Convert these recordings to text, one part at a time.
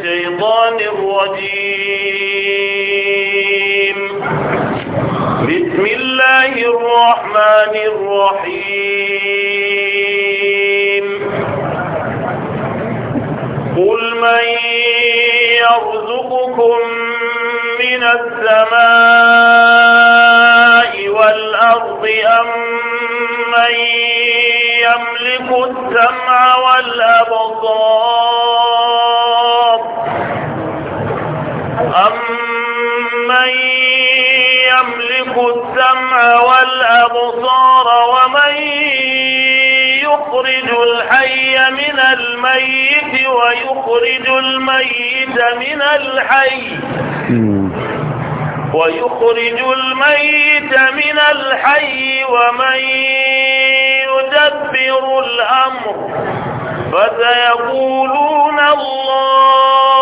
الشيطان الرجيم بسم الله الرحمن الرحيم قل من يرزقكم من السماء والأرض أم من يملك السمع والأبصار أمن يملك السمع والأبصار ومن يخرج الحي من الميت ويخرج الميت من الحي ويخرج الميت من الحي ومن يدبر الأمر فسيقولون الله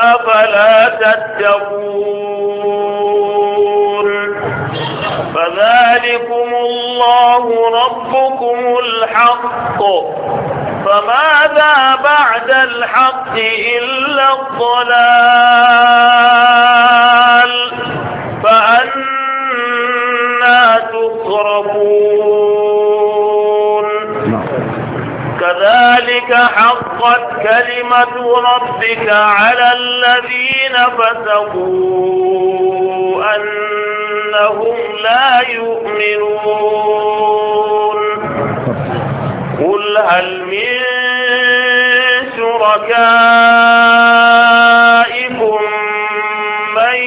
أفلا تتقون فذلكم الله ربكم الحق فماذا بعد الحق إلا الضلال فأنا تخربون كذلك حقت كلمة ربك على الذين فسقوا أنهم لا يؤمنون قل هل من شركائكم من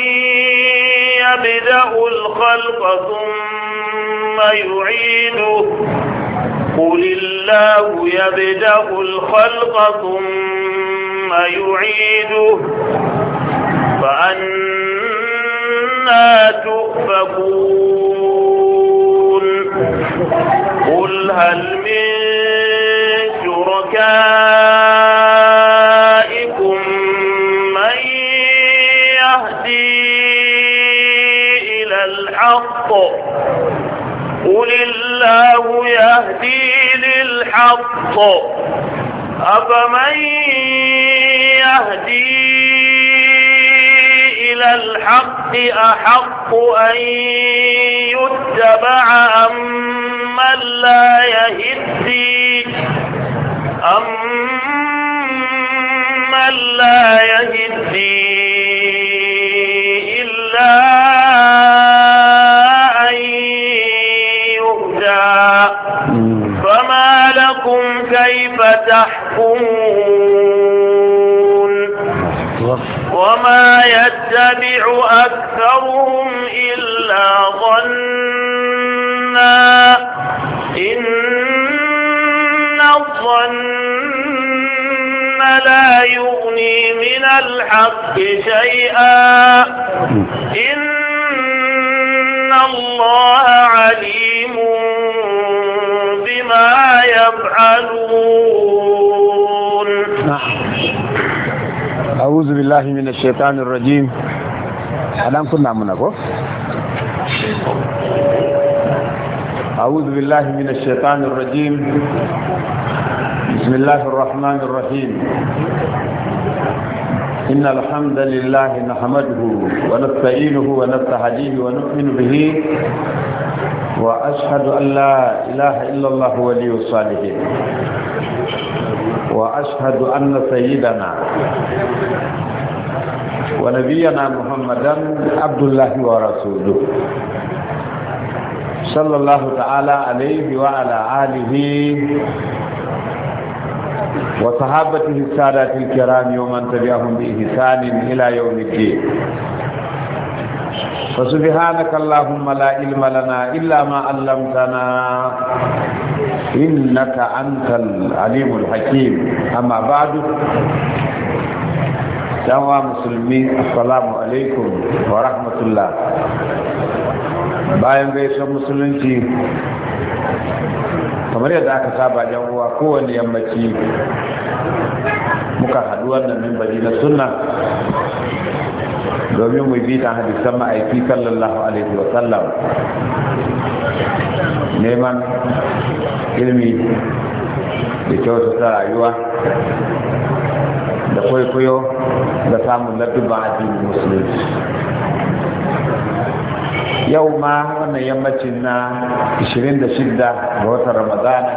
يبدأ الخلق ثم يعيده قل الله يبدأ الخلق ثم يعيده فأنا تؤفكون قل هل من شركائكم من يهدي إلى الحق قل الله يهدي للحق أفمن يهدي إلى الحق أحق أن يتبع أم من لا يهدي أم من لا يهدي تحكمون وما يتبع أكثرهم إلا ظنا إن الظن لا يغني من الحق شيئا إن الله عليم بما يفعلون نعم. أعوذ بالله من الشيطان الرجيم ألم كنا منكم أعوذ بالله من الشيطان الرجيم بسم الله الرحمن الرحيم إن الحمد لله نحمده ونستعينه ونستهديه ونؤمن به وأشهد أن لا إله إلا الله ولي الصالحين وأشهد أن سيدنا ونبينا محمدا عبد الله ورسوله صلى الله تعالى عليه وعلى آله وصحابته السادات الكرام ومن تبعهم بإحسان إلى يوم الدين فسبحانك اللهم لا علم لنا إلا ما علمتنا إنك أنت العليم الحكيم أما بعد جوا مسلمين السلام عليكم ورحمة الله bayan gaisuwar musulunci kamar yadda aka saba yan uwa kowane yammaci muka haɗu wannan mimbari na sunna domin mu bi da hadisan ma'aiki sallallahu alaihi wa sallam neman ilmi da kyautata rayuwa da kwaikwayo da samun a jirgin musulunci yau ma wannan yammacin na 26 ga watan ramadana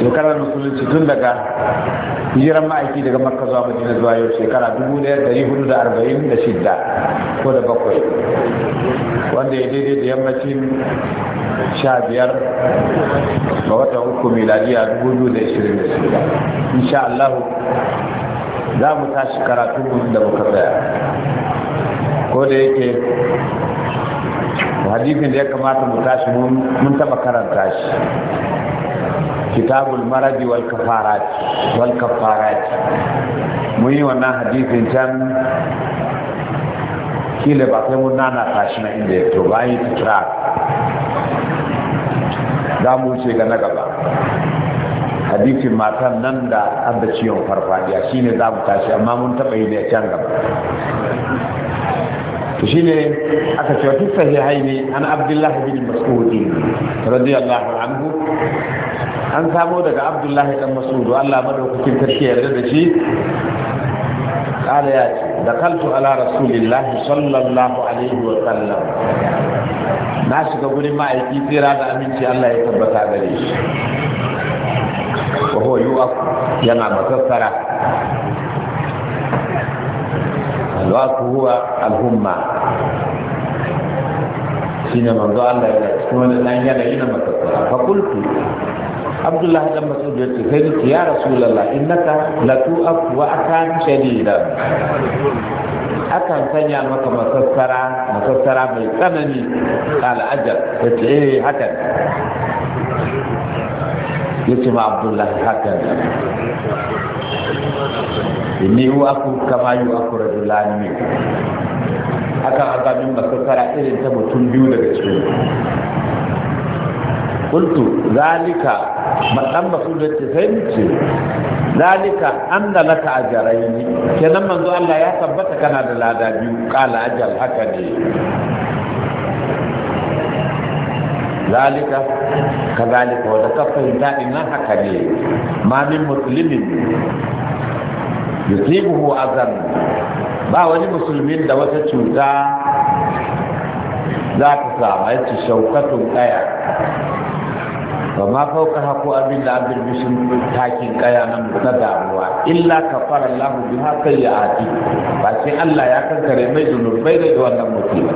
shekarar musulunci tun daga hijiran ma'aiki daga makka zuwa madina zuwa yau shekara 1446 ko da bakwai wanda ya daidai da yammacin 15 ga watan uku miladiya 2026 insha Allah za mu tashi karatu da muka tsaya ko da yake hadisin da ya kamata mu tashi mun taba karanta shi kitabul maradi wal kafarat wal kafarat mun yi wannan hadisin can kila ba kai mun nana tashi na inda ya to bayan ta titra za mu wuce ga na gaba hadisin matan nan da abda ciwon farfadiya shine za mu tashi amma mun taba yi da can gaba to shine aka ce fi sahihaini an abdullahi bin mas'ud radiyallahu anhu an samo daga abdullahi dan mas'ud Allah madaukakin sarki yarda da shi قال يا دخلت على رسول الله صلى الله عليه وسلم na shiga gurin ma'aiki tsira da aminci Allah ya tabbata gare shi wa huwa yu'af yana matattara الغاث هو الهمة shine manzo Allah ya cikin wani dan yanayi na matattara fa kultu Abdullah dan Mas'ud ya ce sai ni ya Rasulullah innaka la tu'af wa akan shadida akan sanya maka masassara masassara mai tsanani kal ajal yace eh hakan yace ma Abdullah hakan inni hu aku kama yu aku rajulan min akan azamin masakara irin ta mutum biyu daga cikin kuntu zalika madan masu da ce sai mu ce zalika anna laka ne. kenan manzo Allah ya tabbata kana da lada biyu kala ajal haka ne zalika kazalika wa da ka fahimta ina haka ne ma min muslimin yusibuhu azan ba wani musulmin da wata cuta za ta samu ya ci shaukatun kaya ba ma fauka haku abin da abin bishin takin kaya na damuwa illa ka fara lahu bi haka ya ati ba sai Allah ya kankare mai zunubai da wannan mutum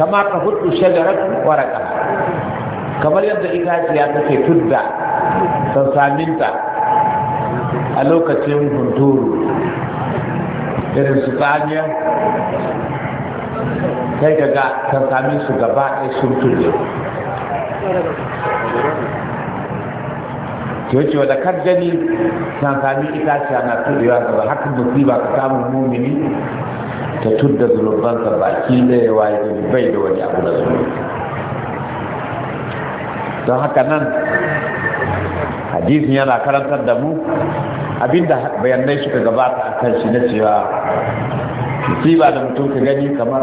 kama ka hudu shagarar waraka kamar yadda itaciya take tudda saminta. a lokacin hunturu irin su tsaniya sai daga kankamin su gaba ɗaya sun tuje ke wuce da kan gani kankamin itaciya na tudewa gaba haka ba ka samun mumini ta tudda zunubansa baki ɗaya yi bai da wani abu da zunubi don haka nan hadisin yana karantar da mu abinda bayanai suka gabata a kan shi na cewa musiba da mutum ka gani kamar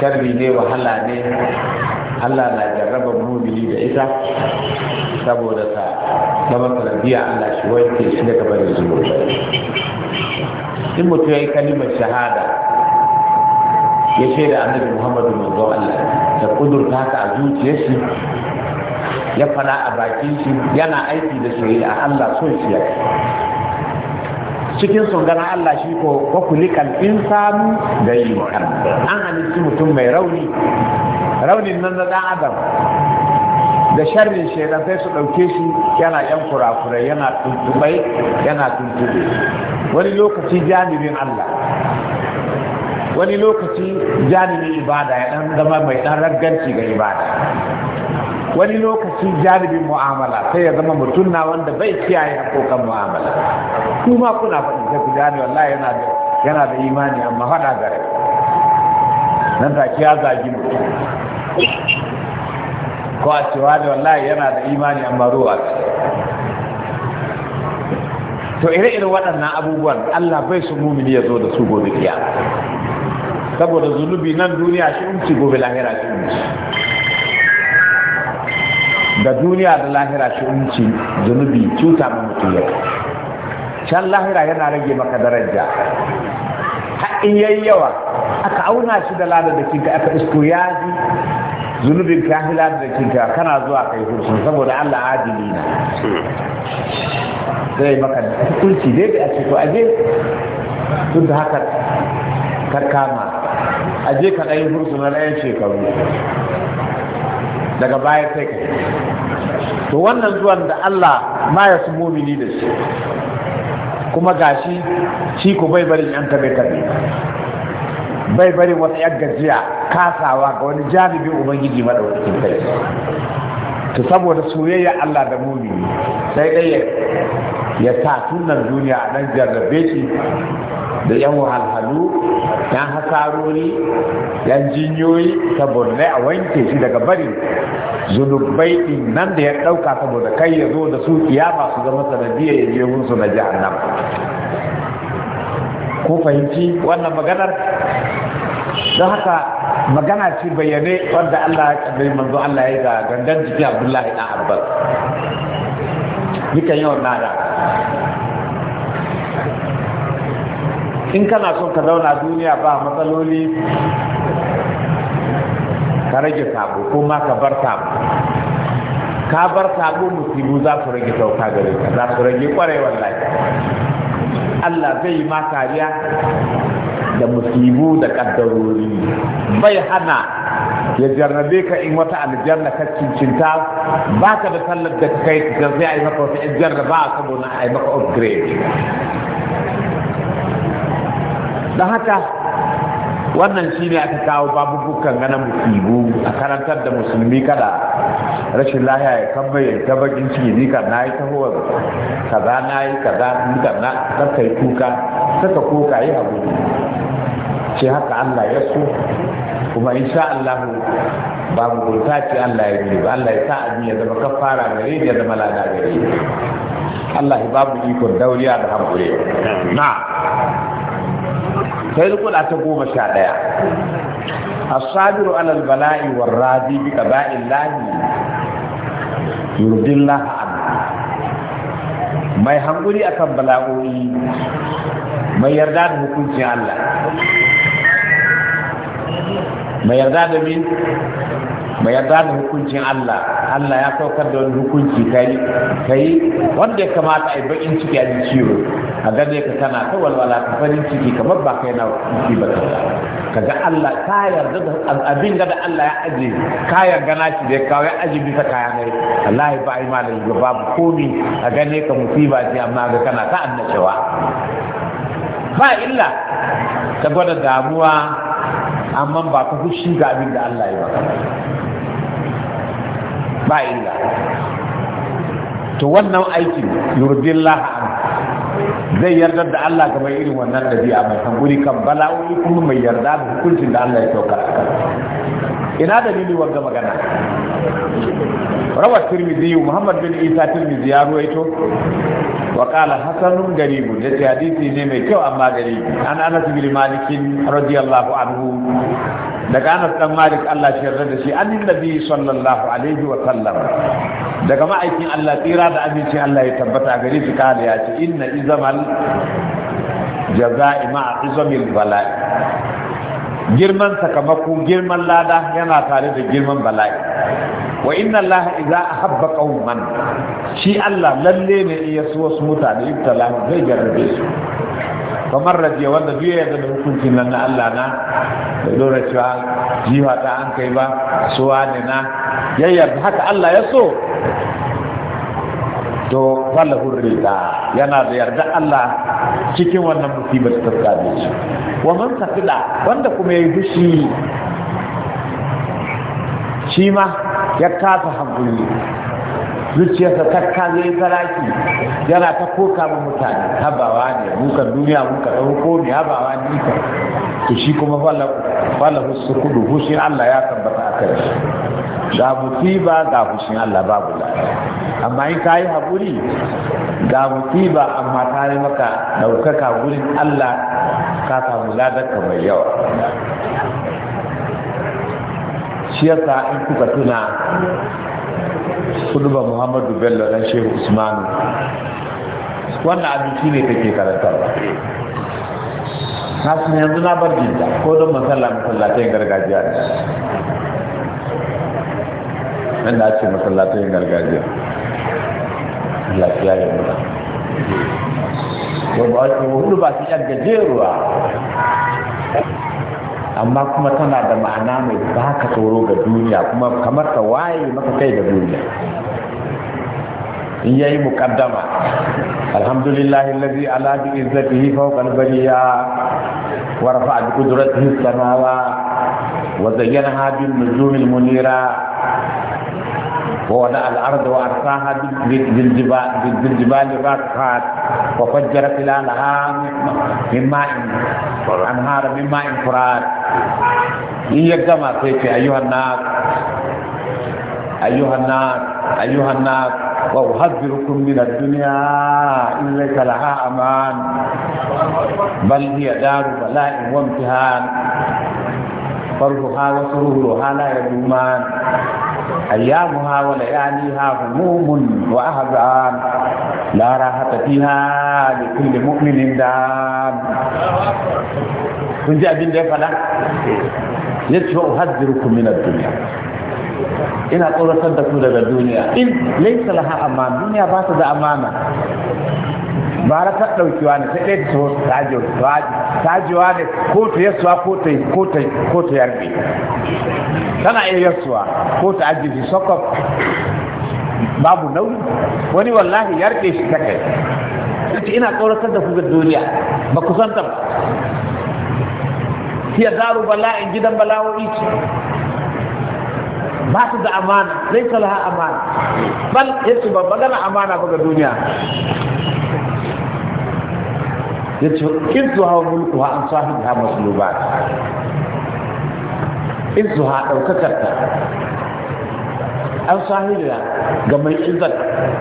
sharri ne wahala ne Allah na jarraba mumini da ita saboda ta zama sanadiyar Allah shi wanke shi daga bari zuwa in mutum ya yi kalimar shahada ya shaida annabi Muhammadu manzo Allah ta kudurta haka a zuciyar ya fara a bakin shi yana aiki da a Allah son shi ya cikin gana Allah shi ko kwakulikan insanu da yi an halittu mutum mai rauni raunin nan na dan adam da sharrin shaidan sai su ɗauke shi yana yan kurakurai yana tuntubai yana tuntube wani lokaci janibin Allah wani lokaci janibin ibada ya dan zama mai dan ragganci ga ibada wani lokaci janibin mu'amala sai ya zama mutum na wanda bai kiyaye hakokan mu'amala kuma kuna faɗi ta ku jani wallahi yana da yana da imani amma faɗa da rai nan ta ya zagi mutum ko a cewa da wallahi yana da imani amma ruwa to ire-iren waɗannan abubuwan Allah bai su mumini ya zo da su gobe kiyama saboda zunubi nan duniya shi umci gobe lahira shi umci da duniya da lahira shi unci zunubi cuta mai mutum ya can lahira yana rage maka daraja haɗin in yayi yawa aka auna shi da lada da kinka aka isko ya yaji zunubin ka lada da kinka kana zuwa kai hursun saboda Allah adili na zai maka hukunci dai da ake ko aje tun da haka ka kama aje ka ɗan yi na ɗayan shekaru daga baya sai kai to wannan zuwan da Allah ma ya su mumini da shi kuma gashi shi ku bai barin yan kabe kabe bai barin wata yan gajiya kasawa ga wani jami'in ubangiji madaukakin kai to saboda soyayya Allah da mumini sai dai ya sa tunan duniya a nan jarrabe shi da yan wahalhalu yan hasarori yan jinyoyi saboda a wanke shi daga barin zunubai din nan da ya ɗauka saboda kai ya zo da su kiyama su zama sanadiyya ya je wunsu na jihannan ko fahimci wannan maganar don haka magana ce bayyane wanda Allah ya kaddari manzo Allah ya yi ga gangan jiki Abdullahi dan Abbas dukan yawan nada in kana son ka zauna duniya ba matsaloli ka rage sabo ko ma ka bar sabo ka bar sabo musibu za su rage sauka gare ka za su rage kwarai wallahi Allah zai yi ma kariya da musibu da kaddarori bai hana ya jarrabe ka in wata aljanna ka cincinta ba ka da sallar da kai ka sai a yi maka wata jarraba saboda a yi maka upgrade don haka wannan shi ne aka kawo babu bukan ganin musibu a karantar da musulmi kada rashin lahiya ya kamba ya ta bakin ciki ni kan na yi tahowar za na yi ka za ni kan na ɗarka yi kuka saka kuka yi abu ce haka Allah ya so kuma sha Allah babu gulta ce Allah ya yi Allah ya sa abin ya zama kafara gare ya zama lada gare Allah ya babu ikon dauriya da hankure na sai rukuna ta goma sha ɗaya asabiru alal bala'i war radi bi qada'in lahi yurdillah mai hankuri akan bala'o'i mai yarda da hukuncin Allah mai yarda da min ba yarda da hukuncin Allah Allah ya saukar da wani hukunci kai kai wanda ya kamata a yi bakin ciki a ji ciwo a gane ka kana ta walwala ka farin ciki kamar ba kai na ciki ba ka ga Allah ka yarda da abin da Allah ya aje ka yarda na shi da kawai aje bisa kaya ne wallahi ba ai malai ba babu komi a gane ka musiba ce amma ga kana ta annacewa. ba illa ka gwada damuwa amma ba ka fushi ga abin da Allah ya ba ba to wannan aiki an zai yarda da Allah kamar irin wannan da dabi'a mai guri kan bala'o'i kuma mai yarda da hukuncin da Allah ya saukar a kan ina dalili wanga magana rawar tirmidhi muhammad bin isa tirmidhi ya ruwaito وقال حسن غريب ده حديث ne mai kyau amma gari an Anas bin Malik radiyallahu anhu Da Anas dan Malik Allah shi yarda da shi annin nabi sallallahu alaihi wa sallam daga ma'aikin Allah tsira da abinci Allah ya tabbata gare shi kada ya ce inna izamal jaza'i ma'a izamil bala'i girman sakamako girman lada yana tare da girman bala'i wa inna allaha idza ahabba qauman shi Allah lalle ne ya su wasu mutane ibtala zai garbe su kamar rajiya wanda biyu ya da hukuncin nan na Allah na da dora cewa jiwa ta an kai ba suwa ne na yayya haka Allah ya so to falahur hurrita yana da yarda Allah cikin wannan musibar ta tsare shi wa man tafida wanda kuma yayi dushi shi ma ya kasa hankali zuciyarsa ta kaze saraki yana ta koka mu mutane habawa ne muka duniya muka ɗauko ne habawa ne ita to shi kuma fala su kudu hushin Allah ya tabbata a kai ga musiba ga hushin Allah babu amma in ka yi haƙuri ga musiba amma ta yi maka ɗaukaka wurin Allah ka samu ka mai yawa shi yasa in kuka tuna kuduba muhammadu bello dan shehu usmanu wannan abinci ne take karantarwa kasu yanzu na bar jinta ko don masalla masallatai gargajiya ne wanda a ce masallatai gargajiya lafiya ya mura ko ba wani ba su yadda jeruwa amma kuma tana da ma'ana mai baka tsoro ga duniya kuma kamar ta waye maka kai da duniya in yayi muqaddama alhamdulillahi alladhi ala bi izzatihi fawqa al-bariya wa rafa'a bi qudratihi as-samawa wa zayyanaha bin nujum al-munira ووضع الأرض وأرساها بالجبال وفجرت إلى خلالها من ماء أنهار من ماء فرات هي كما سيتي أيها الناس أيها الناس أيها الناس وأحذركم من الدنيا إن ليس لها أمان بل هي دار بلاء وامتهان فرضها وسرورها لا يدومان أيامها ولياليها هموم وأحزان لا راحة فيها لكل مؤمن دام كنت أبين ده فلا يتشو أهذركم من الدنيا إن أقول da ku الدنيا إن ليس لها أمان الدنيا باتت أمانة bara ta ɗauki wani sai ɗaya ta taho tajo tajiwa ne ko ta yasuwa ko ta ko ta ko ta yarbe tana iya yasuwa ko ta ajiye sokof babu nau wani wallahi yarbe shi ta kai ita ina tsoratar da ku ga duniya ba ku santa ta ba hiya daru in gidan bala'o'i ce ba su da amana laisa laha amana bal yasu ba magana amana ba ga duniya yace izuha mulku an sahibi ha masluba izuha ɗaukakarta an da, ga mai izzat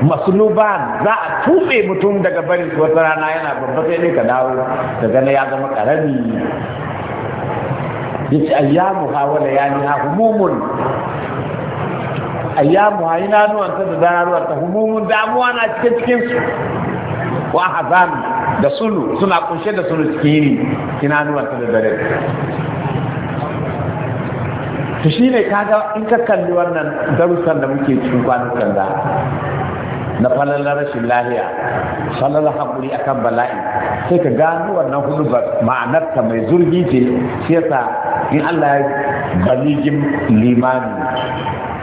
masluban za a tube mutum daga barin wata rana yana babba sai ne ka dawo ka gana ya zama karami yace ayyamu ha wala yani ha humumun ayyamu ha yana nuwanta da dararuwar ta humumun damuwa na cikin cikin su wa hazanu da sulu suna kunshe da sulu cikin yini nuna ta da dare to shine kaga in ka kalli wannan darussan da muke cikin kwanan kanda na falalar rashin lahiya falalar haƙuri akan bala'i sai ka gano wannan hulubar ma'anarta mai zurgi ce shi yasa in Allah ya baligin limani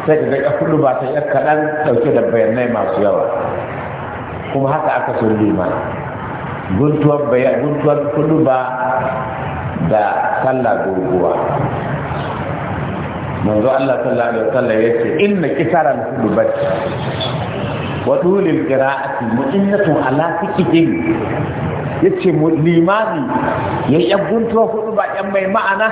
sai ka ga ya ba ta yar kaɗan ɗauke da bayanai masu yawa kuma haka aka so limani guntuwar bayan guntuwar kudu ba da sallah gurguwa manzo Allah sallallahu alaihi wasallam yace inna kitaran kudubat wa tulil qira'ati mu'innatun ala fikihin yace limani ya yabuntuwa kudu ba yan mai ma'ana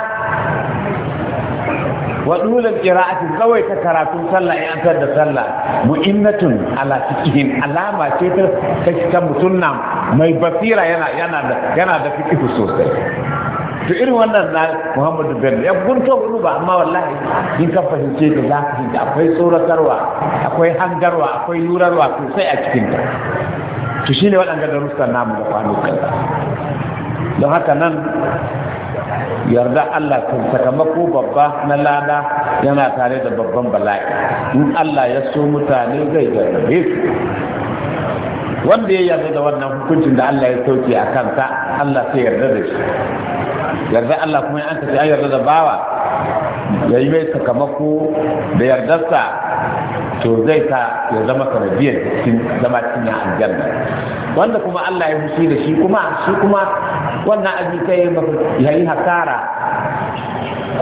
wa tulil qira'ati kawai ta karatun sallah ya antar da sallah mu'innatun ala fikihin alama ce ta kashi ta mutunna mai basira yana da fi sosai to irin wannan na Muhammadu Bello ya gunto gudu ba amma wallahi in ka fahimce da za ka fahimta akwai tsoratarwa akwai hangarwa akwai lurarwa sosai a cikin ta to shine waɗanda darussan namu da kwano kaza don haka nan yarda Allah kan sakamako babba na lada yana tare da babban bala'i in Allah ya so mutane zai gargaɗe su wanda ya yarda da wannan hukuncin da Allah ya sauke a kansa Allah sai yarda da shi yarda Allah kuma an tafi an yarda da bawa ya yi mai sakamako da yardarsa to zai ta ya zama sanadiyar cikin zama cikin aljanna wanda kuma Allah ya fushi da shi kuma shi kuma wannan aji sai ya yi hasara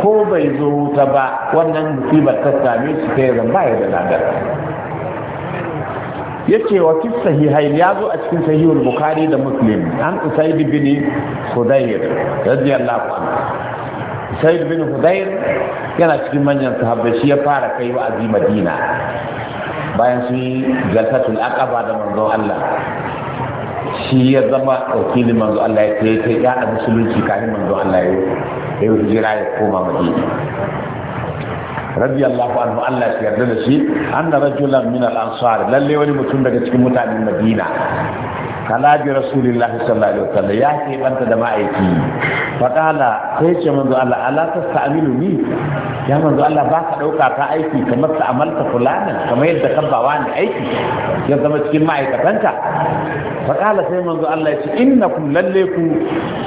ko bai zo ta ba wannan musibar ta same shi sai ya zama ya da ladar yace wa fi sahihain ya zo a cikin sahihul bukhari da muslim an usaid bin hudayr radiyallahu anhu usaid bin hudayr yana cikin manyan sahabbai shi ya fara kai wa azi madina bayan shi yi jalsatul aqaba da manzo Allah shi ya zama wakilin manzo Allah ya kai ya da musulunci kafin manzo Allah ya yi hijira ya koma Madina radiyallahu anhu Allah ya yarda da shi anna rajulan min al-ansar lalle wani mutum daga cikin mutanen Madina kala bi rasulillah sallallahu alaihi wasallam ya ke banta da ma'aiki faqala sai ce manzo Allah ala tastamilu ni ya manzo Allah ba ka dauka aiki kamar ta amalta fulana kamar yadda ka bawa ni aiki ya zama cikin ma'aikatanta? faqala sai manzo Allah ya ce innakum lalle ku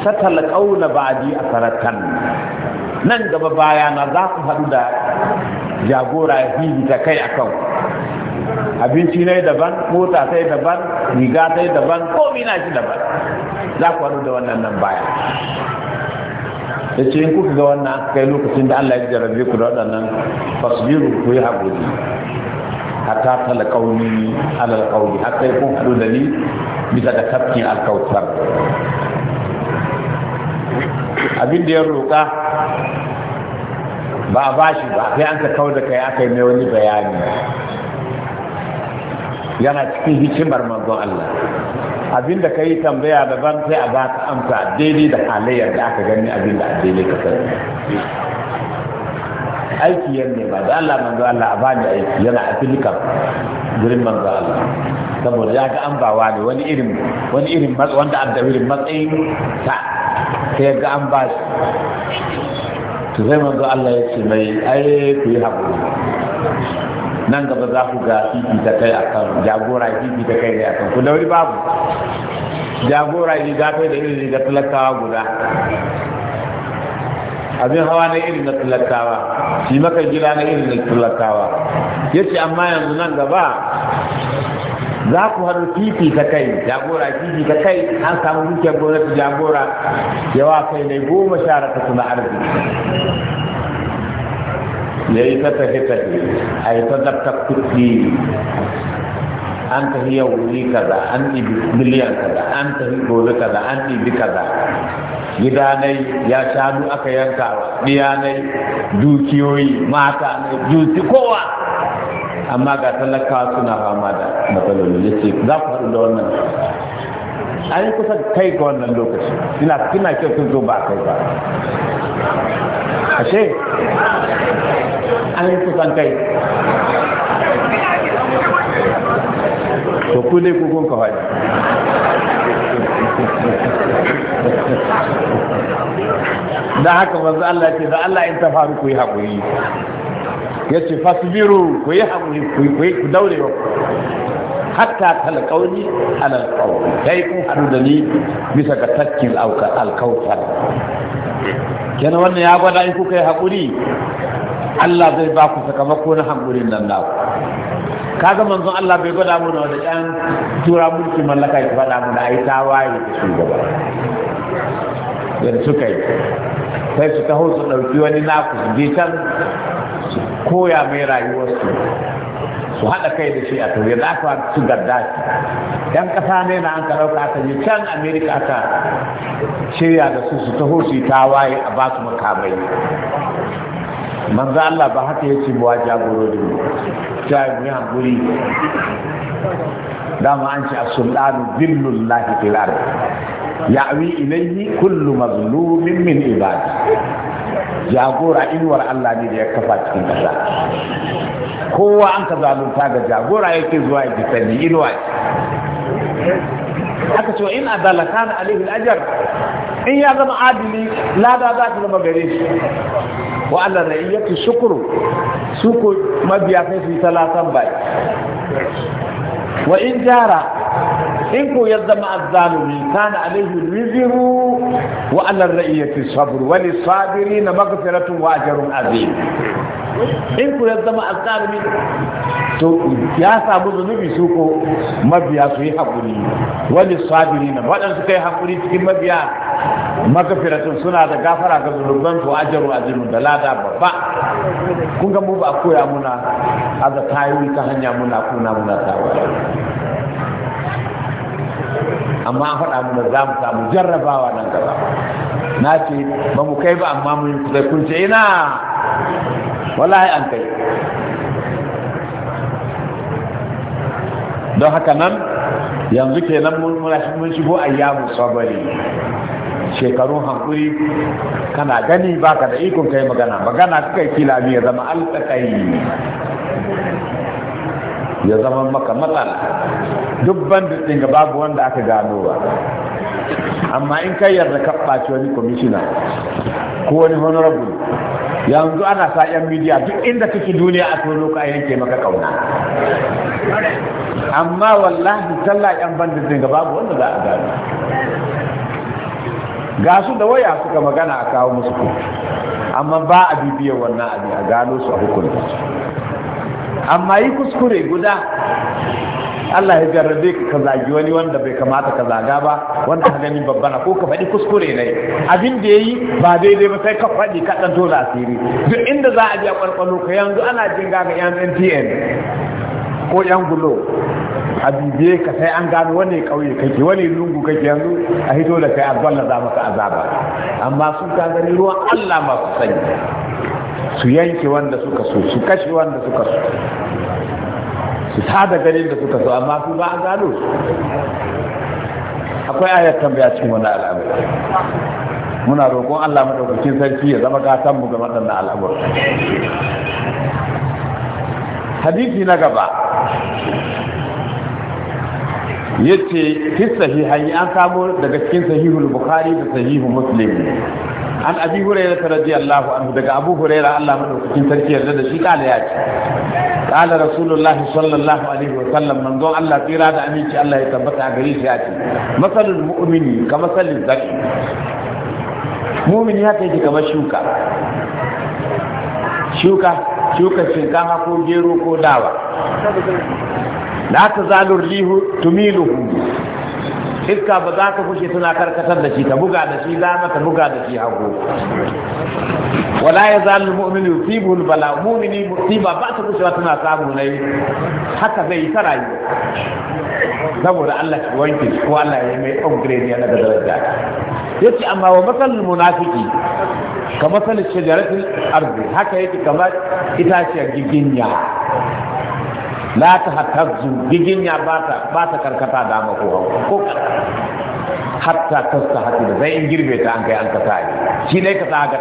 satal qawla ba'di asaratan nan gaba baya na za ku haɗu da jagora ya ta kai akan abinci na yi daban mota ta yi daban riga ta yi daban komi na shi daban za ku haɗu da wannan nan baya da ce ku kuka ga wannan kai lokacin da Allah ya jarabe ku da waɗannan fasbiru ku yi haƙuri hatta tala ƙauni alal ƙauni har sai kun haɗu da ni bisa da kafin alkautar abin da ya roƙa ba a bashi ba sai an ka kawo da kai aka yi mai wani bayani yana cikin hikimar manzon Allah da ka yi tambaya daban sai a ba ka amsa daidai da halayyar da aka gani abin da daidai ka sani aiki yanne ba da Allah manzo Allah a bani aiki yana a filikar gurin manzo Allah saboda ya ga an bawa ne wani irin wani irin wanda an irin matsayin ta sai ga an ba shi to sai manzo Allah ya ce mai ai ku yi haƙuri nan gaba za ku ga fifi ta kai a kan, jagora fifi ta kai ne kan. ku dauri babu jagora yi ta kai da irin da talakawa guda abin hawa na irin na talakawa shi maka gida na irin na talakawa ya ce amma yanzu nan gaba za ku haɗu titi ta kai jagora titi ta kai an samu dukiyar gwamnati jagora yawa kai ne goma sha ta suna arziki ya yi ta tafi tafi a yi ta zafta kuɗi an tafi yau wuri kaza an ɗibi miliyan kaza an tafi gobe kaza an ɗibi kaza gidanai ya shanu aka yanka wa diyanai dukiyoyi mata dukiyoyi kowa amma ga talakawa suna fama da matsaloli ya ce za ku haɗu da wannan an yi kusa kai ga wannan lokaci ina kina kyau sun zo ba kai ba ashe an yi kai to ku dai kugun ka faɗi da haka wanzu Allah ce da Allah in ta faru ku yi haƙuri ya ce fasbiru ku yi haƙuri ku yi ku daure wa hatta talƙauni alal ƙauni kai kun haɗu da ni bisa ga takkin alkautar kenan wannan ya gwada in kuka yi haƙuri Allah zai ba ku sakamako na haƙurin nan naku kaga manzon Allah bai gwada mu da ɗan tura mulki mallaka ya faɗa mu da ai tawaye da shugaba yadda suka yi sai su taho su ɗauki wani naku su je can koya mai rayuwarsu su haɗa kai da shi a tauye za ka su shi yan ƙasa ne na an ɗauka aka yi can amerika aka shirya da su su taho su yi tawaye a ba su makamai manzo Allah ba haka ya ce buwa mu. ta yi muyan hankuri dama an ce a sulɗanu zillun lahi filar ya'wi ilayhi kullu mazlumin min ibadi jagora inuwar Allah ne da ya kafa cikin kasa, kowa an ka zalunta ga jagora yake zuwa yake sani inuwa aka ce in adala kana alaihi ajar in ya zama adili lada za ta zama gare shi wa Allah ra'iyatu shukru suku mabiya sai su talatan bai wa in jara in ko ya zama azzalumi kana alaihi riziru wa ala ra'iyati sabr wa lisabirin maghfiratun wa ajrun azim in ku ya zama azzalumi to ya samu zunubi su ko mabiya su yi haƙuri wani sabiri na waɗansu kai haƙuri cikin mabiya magafiratun suna da gafara ga zunuban su ajaru ajiru da lada babba kun ga mu ba a koya muna a ta hanya muna kuna muna tawaye amma an faɗa mana za mu samu jarrabawa nan gaba na ce ba mu kai ba amma mun kusa kun ce ina wallahi an kai don haka nan yanzu nan mun mun shigo ayyamu sabari shekaru hankuri kana gani baka da ikon kai magana magana kai kila ya zama alƙaƙai ya zama maka matsala duk bandit ga babu wanda aka gano ba amma in kai yarda ka ɓaci wani kwamishina ko wani honorable yanzu ana sa yan midiya duk inda kake duniya a tono ka yanke maka kauna amma wallahi talla yan ban ɗin ga babu wanda za a gano ga su da waya suka magana a kawo musu amma ba a bibiyar wannan abin a gano su a hukunta amma yi kuskure guda Allah ya jarrabe ka ka zagi wani wanda bai kamata ka zaga ba wanda ka gani babbana ko ka faɗi kuskure ne abin da yayi ba daidai ba sai ka faɗi ka dan tola asiri duk inda za a je a kwalkwalo ka yanzu ana jin ga yan NTN ko yan gulo a ka sai an gano wani kauye kake wani lungu kake yanzu a hito da kai a za maka azaba amma sun ka gani ruwan Allah masu sanyi su yanke wanda suka so su kashe wanda suka so su ta da garin da suka so amma su ba a gano akwai ayar tambaya cikin wani al'amur muna roƙon Allah madaukakin sarki ya zama gatan mu ga waɗannan al'amur hadisi na gaba yace fi sahihai an samu daga cikin sahihul bukhari da sahihu muslim an abi hurairah radiyallahu anhu daga abu hurairah Allah madaukakin sarki yarda da shi kala ya ce kala rasulullah sallallahu alaihi wa sallam manzo Allah tsira da aminci Allah ya tabbata a gare shi ya ce masalul mu'mini ka masalil zaki mu'mini ya kai kamar shuka shuka shuka shinkafa ko gero ko dawa la ta zalur rihu tumiluhu iska ba za ta fushe tana karkatar da shi ta buga da shi dama ta buga da shi hagu wala ya zalu mu'min yusibu bala mu'mini musiba ba ta fushe tana samu ne haka zai ta rayuwa. saboda Allah shi wanke ko Allah ya mai upgrade ya daga daraja yace amma wa masalul munafiki ka masalul shajaratul ardi haka yake kamar itaciyar giginya la ta hatazzu giginya ba ta karkata dama ko ko hatta kasta hatu da zai in girbe ta an kai an kasa ne shi dai ka ga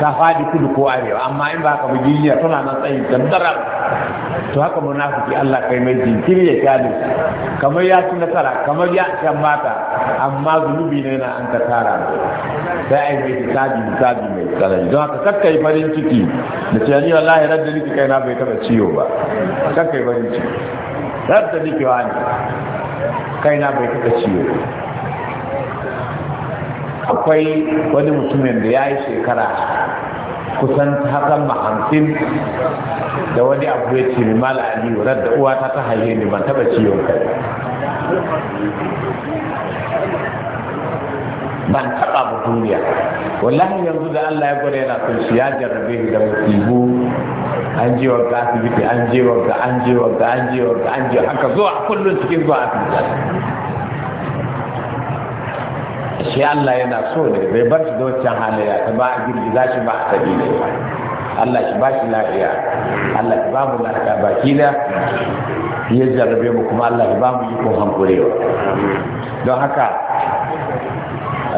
ta fadi kudu ko arewa amma in ba ka ba giginya tana nan tsayi dandara to haka munafiki Allah kai mai jinkiri ya kyale kamar ya ci nasara kamar ya can mata amma zunubi ne na an ka tara sai ai mai hisabi hisabi mai tsanani don haka kakka yi farin ciki da ce ni wallahi radda niki kai na bai taba ciwo ba kakka yi farin ciki radda niki wani kai na bai taba ciwo akwai wani mutumin da ya yi shekara kusan hakan hamsin da wani abu ya ce mai mala aliyu da uwata ta haye ni ban taba ciwon kai ban taba ba duniya wallahi yanzu da Allah ya gwada yana son shi ya jarrabe da musibu an je wa ga asibiti an je wa ga an je wa ga an je wa ga an je haka zuwa kullun cikin zuwa asibiti Shi Allah yana so ne bai bar shi da wancan halayya ta ba a girgiza shi ba a tabi ne Allah shi ba shi lafiya Allah shi ba mu lafiya ki da ya jarrabe mu kuma Allah shi ba mu yi kun hankurewa don haka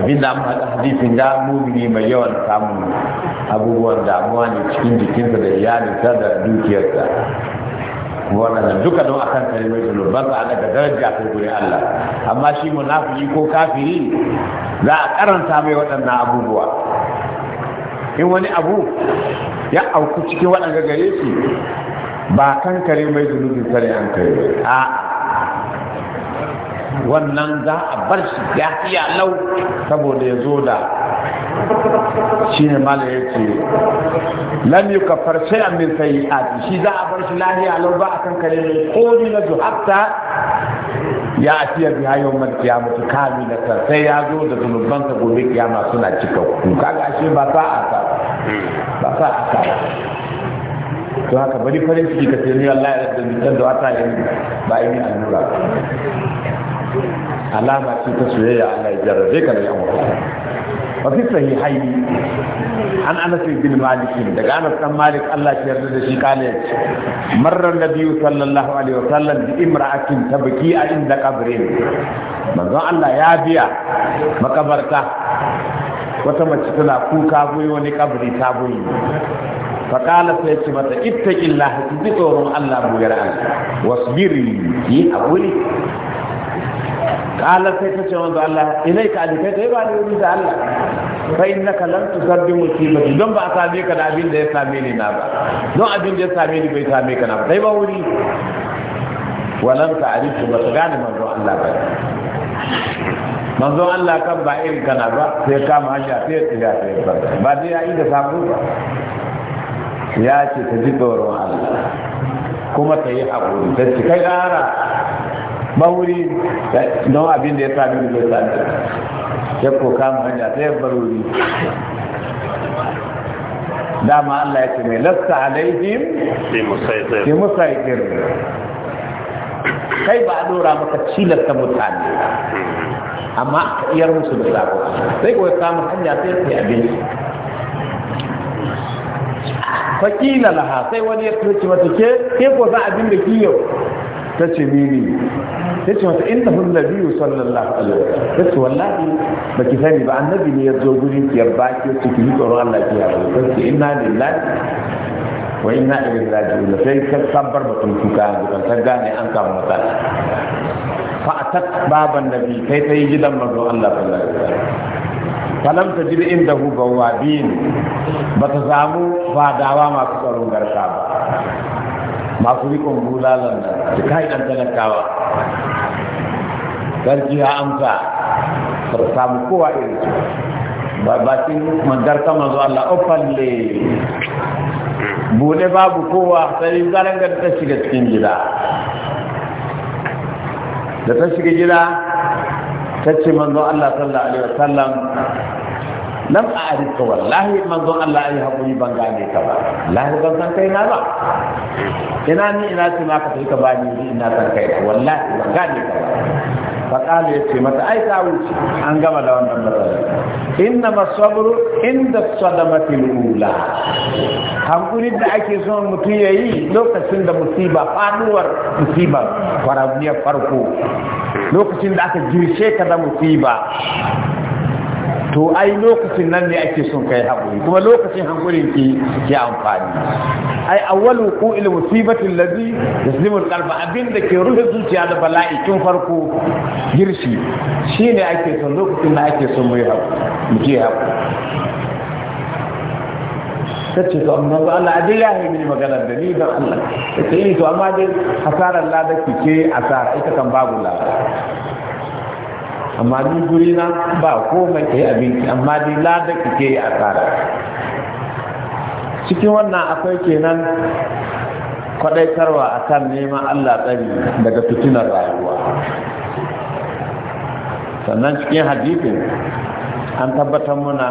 abin da amma hadisin ga mumini mai yawan samun abubuwan damuwa ne cikin jikinsa da iyalinsa da dukiyarsa wannan duka don akan mai zulum ba sa daga daraja kai gure Allah amma shi munafiki ko kafiri za a karanta mai waɗannan abubuwa in wani abu ya auku cikin waɗanda gare shi ba kan kare mai din sare an kai a wannan za a bar shi ya iya lau saboda ya zo da shi ne mala ce lam yukaffar shay'an min sayyi'ati shi za a bar shi lahiya lau ba akan kare mai komi na hatta ya atiya bi hayo mal da ta sai ya zo da zunuban gobe kiyama suna cika ku kaga ashe ba sa a sa ba sa a sa to haka bari farin ciki ka sai ni Allah ya da mutan da wata yin ba yi annura alama ce ta soyayya Allah ya jarrabe ka da yan wa fi sahihaini an anas bin malik daga anas dan malik Allah ya yarda da shi kana yace marra nabiyyu sallallahu alaihi wasallam bi imra'atin tabki a inda qabrin manzon Allah ya biya makabarta wata mace tana kuka goyi wani kabri ta goyi faƙala sai ce mata ittaqi illa, ki ji tsoron Allah mu gara Allah wasbiri ki hakuri qala sai ta ce wanzu Allah ilaika alikai kai ba da wuri da Allah fa innaka lan tusabbi musibati don ba a same ka da abin da ya same ni na ba don abin da ya same ni bai same ka na ba sai ba wuri walan ta'rifu ba ta gane manzo Allah ba manzo Allah kan ba irin kana ba sai kama hanya sai tsira sai ba ba dai ya yi da sabo ba ya ce ta ji tsoron Allah kuma ta yi haƙuri ta ci kai ƙara wuri. don abin da ya sami da same sami ya koka mu hanya ta yabbar wuri dama Allah ya ce mai lasta alaihim ke musaitir kai ba a dora maka cilasta mutane amma a iyar musu da sako sai kuwa samun hanya sai sai abinci fakila laha sai wani ya tuce mata ke ke ko za abin da ki yau ta ce mini ya ce mata inda hun nabiyu sallallahu alaihi wasallam ya ce wallahi ba ki sani ba annabi ne ya zo gurin ki ya baki ki ki tsoron Allah ki ya rabu ki inna lillahi wa inna ilaihi raji'un sai ta ka sabbar mutum kuka dukan ta gane an kama matsala fa atat baban da bi kai ta yi gidan manzo Allah sallallahu alaihi wasallam falam ta jiri inda hu gawabin ba ta samu fadawa masu tsaron garka ba masu rikon bulalan da kai ɗan talakawa sarki ya amsa ba samu kowa irin su ba bakin mandarta mazu Allah ofalle bude babu kowa sai zarangar ta shiga cikin gida da ta shiga gida ta ce manzo Allah sallallahu alaihi wasallam lam a arika wallahi manzon Allah ya hakuri ban gane ka ba lahi ban san kai na ba ina ni ina ce ma ka tafi ka ba ni ina san kai wallahi ban gane ka ba qala ya ce mata ai ta wuce an gama da wannan matsalar inna masabru inda sadamati lula hankuri da ake son mutum ya yi lokacin da musiba faduwar musiba farabiyar farko lokacin da aka girshe ka da musiba to ai lokacin nan ne ake son kai haƙuri kuma lokacin haƙurin ki ke amfani ai awwalu qu'il musibati allazi yaslimu alqalba qalb abinda ke rufe zuciya da bala'i tun farko girshi shine ake son lokacin da ake son mu yi haƙuri mu ke haƙuri tace to amma ba Allah dai ya yi mini magana da ni dan Allah tace eh, to amma dai hasaran ladaki ke asara ita kan babu la amma ni guri na ba komai kai abinci amma dai lada kike yi asara cikin wannan akwai kenan kwadaitarwa akan neman Allah tsari daga fitinar rayuwa sannan cikin hadisin an tabbatar muna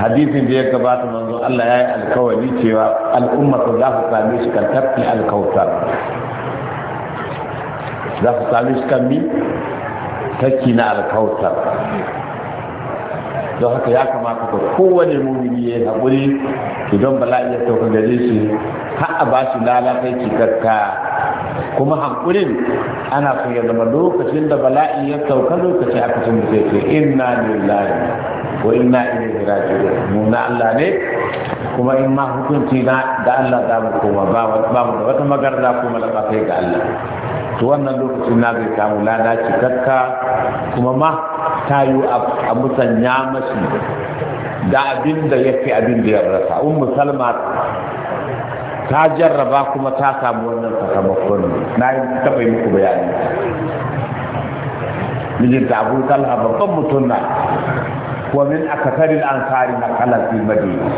hadisin da ya gabata manzo Allah ya yi alkawari cewa al'umma su za su sami shi kan tafi alkautar za su sami shi kan bi. tafki na alkautar don haka ya kamata ka kowane mumini ya yi haƙuri idan bala'i ya sauka gare shi har a ba shi lalatai cikakka kuma haƙurin ana so ya zama lokacin da bala'i ya sauka lokacin aka sun da sai inna lillahi wa inna ilaihi raji'un mu na Allah ne kuma in ma hukunci na da Allah da mu koma ba mu da wata magarda kuma da kai ga Allah to wannan lokacin na zai samu lada kakka kuma ma ta yi a musanya mashi da abin da ya abin da ya rasa ummu salma ta jarraba kuma ta samu wannan sakamakon na yi taɓa yi muku bayani mijinta abu talha babban mutum na wa min akataril ansari na kala madina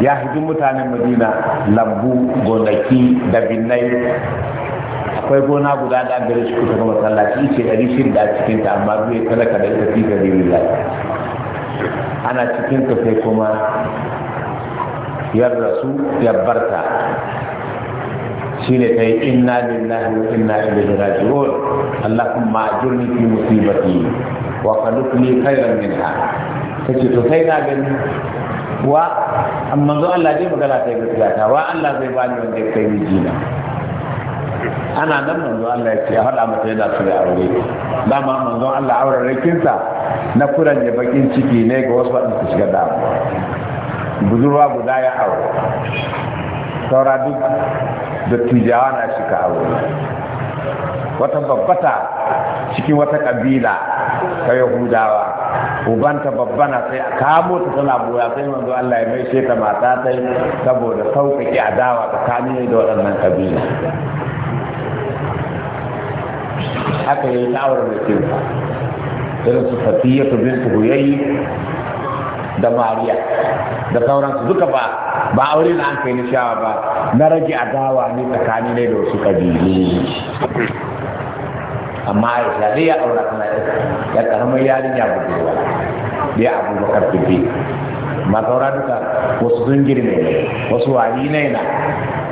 ya hidin mutanen madina lambu gonaki da binnai akwai gona guda da gare shi kusa ga masallaci ce ɗari shida a cikin ta amma bai kada da ita fi sabilillah ana cikin ta sai kuma ya rasu ya barta shine kai inna lillahi wa inna ilaihi raji'un allahumma ajurni fi musibati wa qadukni khairan minha kace to kai ka gani wa amma zo Allah dai magana ta gaskiya ta wa Allah zai bani wanda ya kai ni jina? ana nan manzo Allah ya ce a faɗa mata yana so ya aure dama manzo Allah aure rakin sa na kuran ya bakin ciki ne ga wasu waɗanda su shiga damuwa budurwa guda ya aure saura duk da tijawa na shiga aure wata babbata cikin wata kabila ta yahudawa ubanta babbana sai a kamo ta tana boya sai manzo Allah ya maishe ta mata ta saboda sauƙaƙe adawa tsakanin da waɗannan kabila haka yayi ta aure mai kinsa irin su bin su huyayi da mariya da sauransu duka ba ba aure na an kai nishawa ba na rage adawa ne tsakanin da wasu kabilu amma aisha zai ya aura tana ya karamar yarinya wa dai abubakar bibi masaura duka wasu sun girme ne wasu wani ne na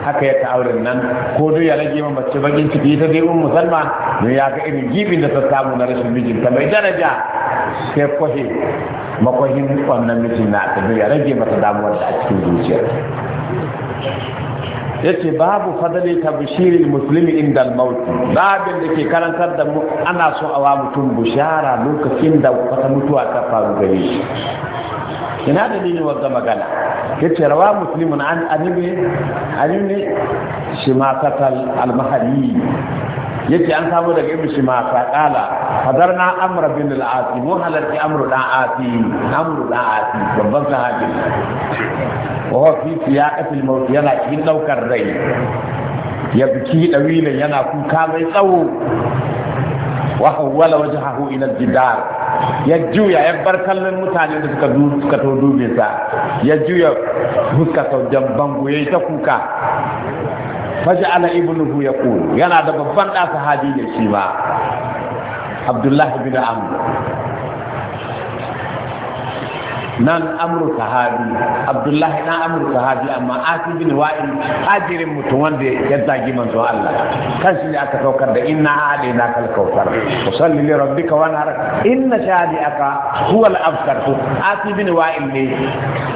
haka ya ta'aurin nan ko duk ya lage mamba mace bakin ciki ta dai un salma ne ya ga irin gibin da ta samu na rashin mijinta mai daraja sai kwashe makwahin wannan mijin na ta ya rage mata damuwar da a cikin zuciyar yace babu fadali bishiri muslimi inda al-maut babin da ke karantar da mu ana so a wa mutum bushara lokacin da wata mutuwa ta faru gare shi ina dalilin wanda magana yace rawa muslimun an anime anime katal al-mahali yace an samu daga ibn shima fa qala hadarna amr bin al-as mu halarti amru da asi amru da asi babban sahabi wa huwa fi siyaqati al-maut yana cikin daukar rai ya biki dawila yana kuka mai tsawo wa hawwala wajhahu ila al-jidar ya juya ya bar kallon mutane da suka suka to dube sa ya juya fuska sau jan bango ta kuka faja'ala ibnuhu yaqulu yana da babban da sahabi ne shi ba abdullahi bin amr nan amru sahabi abdullahi na amru sahabi amma asim bin wa'il hajirin mutum wanda ya zagi manzo Allah kan shi ne aka saukar da inna alaina kal kautsar usalli li rabbika wanhar inna shadi'aka huwa al abtar to asim bin wa'il ne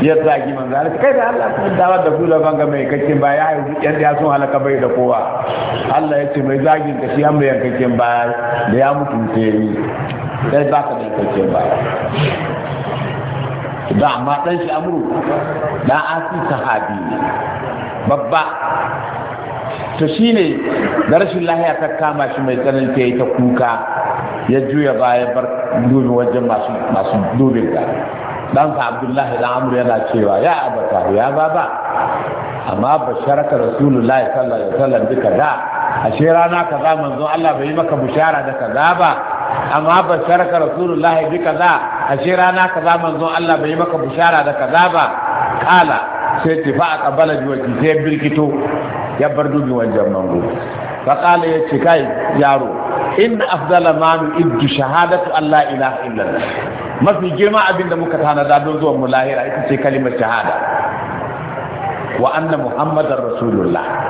ya zagi manzo Allah kai da Allah kuma dawa da kula banga mai kake ba ya yi yan ya sun halaka bai da kowa Allah ya ce mai zagin ka shi an bayan kake ba da ya mutunce ni sai baka da kake ba da amma ɗan shi amuru ɗan asi sahabi babba to shi ne da rashin lahiya ta kama shi mai ta yi ta kuka ya juya baya bar dubi wajen masu masu da dan ɗansa abdullahi da amuru yana cewa ya abata ya baba amma basharaka rasulullahi sallallahu alaihi wasallam duka da ashe rana kaza manzo Allah bai maka bushara da kaza ba amma basharaka rasulullahi bi kaza ashe rana kaza manzon Allah bai maka bishara da kaza ba kala sai tifa a kabala juwaci sai birkito ya bar dubi wajen mango fa ya ce kai yaro in afdala ma nu iddu shahadatu Allah ilaha illallah mafi girma abin da muka tanada don zuwan mu lahira ita ce kalimar shahada wa anna muhammadar rasulullah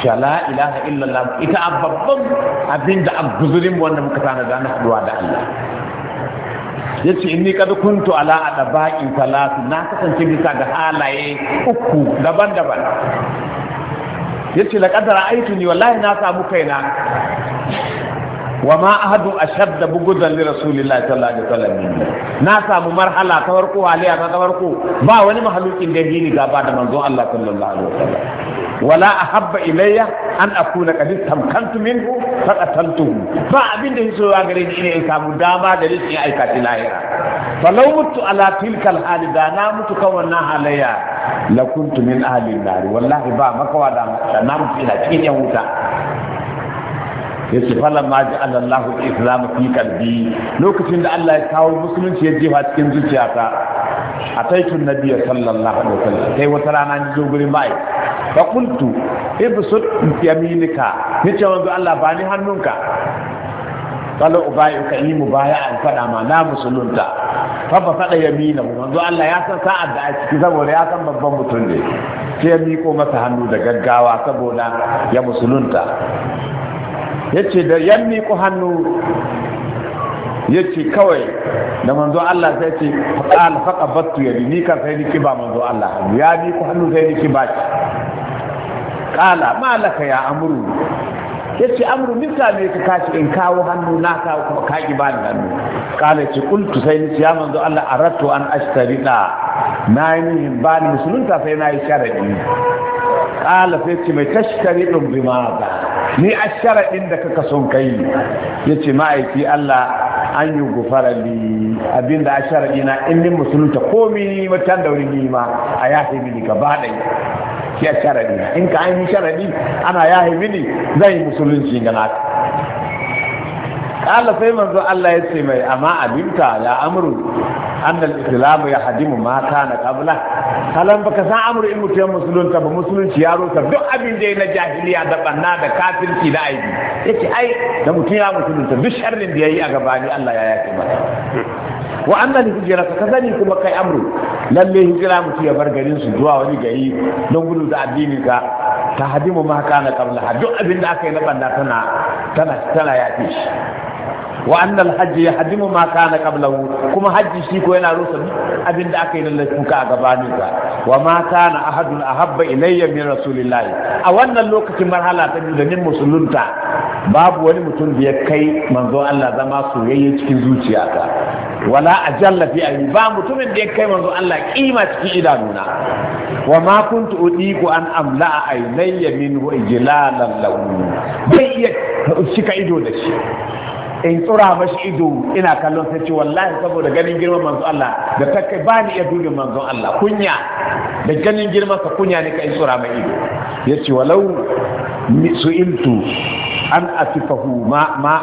cewa la ilaha illallah ita a babban abin da aguzurin wanda muka tana da na haduwa da Allah ya ce inni kada kuntu ala a da baƙin talatu na kasance bisa da halaye uku daban-daban ya ce la kadara aitu ni wallahi na samu kaina wa ma ahadu ashadda bugudan li rasulillahi sallallahu alaihi wasallam na samu marhala ta farko haliya ta farko ba wani mahalukin da yini gaba da manzon Allah sallallahu alaihi wasallam wala a habba ilayya an akuna qad tamkantu minhu fa qataltuhu fa abin da yaso ya gare ni ina ne samu dama da rikin aikati lahira fa law mutu ala tilka al hali da na mutu kan wannan halayya la kuntu min ahli wallahi ba makawa da na mutu ina cikin yan wuta yace fala ma ja'ala Allahu al-islam fi qalbi lokacin da Allah ya kawo musulunci ya jefa cikin zuciyata ataitu nabiyya sallallahu alaihi wasallam sai wata rana ni zo gurin bai fa qultu ibsut yaminika ni ce wanzu Allah ba ni hannunka kala ubayi ka yi mubaya an fada ma na musulunta fa ba fada yamina wanzu Allah ya san sa'a da a ciki saboda ya san babban mutum ne sai ya miko masa hannu da gaggawa saboda ya musulunta yace da yan miko hannu yace kawai da manzo Allah sai ce qal faqabtu yadi ni kan sai ni kiba manzo Allah ya ni ku hannu sai ni kiba qala ma laka ya amru yace amru mita ne ka kashi in kawo hannu na kawo kuma ka ki bani hannu qala ce qultu sai ni ya manzo Allah aratu an ashtarida na yi bani musulunta sai na yi sharadi ƙala sai ce mai tashkari ɗin bimaza ni a sharaɗin da kaka son kai ya ce ma'aiki Allah an yi gufara li abinda a sharaɗi na in musulunta ko mini matan da wuri ni ma a yafe mini gaba ɗaya a sharaɗi in ka an yi sharaɗi ana yafe mini zan yi musulunci ga naka kala sai manzo Allah ya ce mai amma abinta ya amru annal islam ya hadimu ma kana qabla kalan baka san amru in mutum ta ba musulunci ya roka duk abin da na jahiliya da banna da kafirci da aibi yace ai da mutum ya ta duk sharrin da yayi a gabani Allah ya yake masa wa annal hijra ka sani kuma kai amru lalle hijra mutum ya bar garin su zuwa wani gari don gudu da addinin ka ta hadimu ma kana qabla duk abin da aka yi na banna tana tana tana yafi shi wa annal hajji ya hadimu ma kana qablahu kuma hajji shi ko yana rusa abin da aka yi lalle kuka a gabanin ka wa na kana ahadun ahabba ilayya min rasulillahi a wannan lokacin marhala ta biyu da min musulunta babu wani mutum da ya kai manzon Allah zama soyayya cikin zuciyata wala ajalla fi ayi ba mutumin da ya kai manzon Allah kima cikin idanuna wa ma kuntu udiku an amla aynayya minhu ijlalan lahu bai iya shika ido da shi in tsura mashi ido ina kallon sai ce wallahi saboda ganin girman manzo Allah da take ba ni iya dubin manzo Allah kunya da ganin girman sa kunya ne ka in tsura mai ido yace walau su'iltu an asifahu ma ma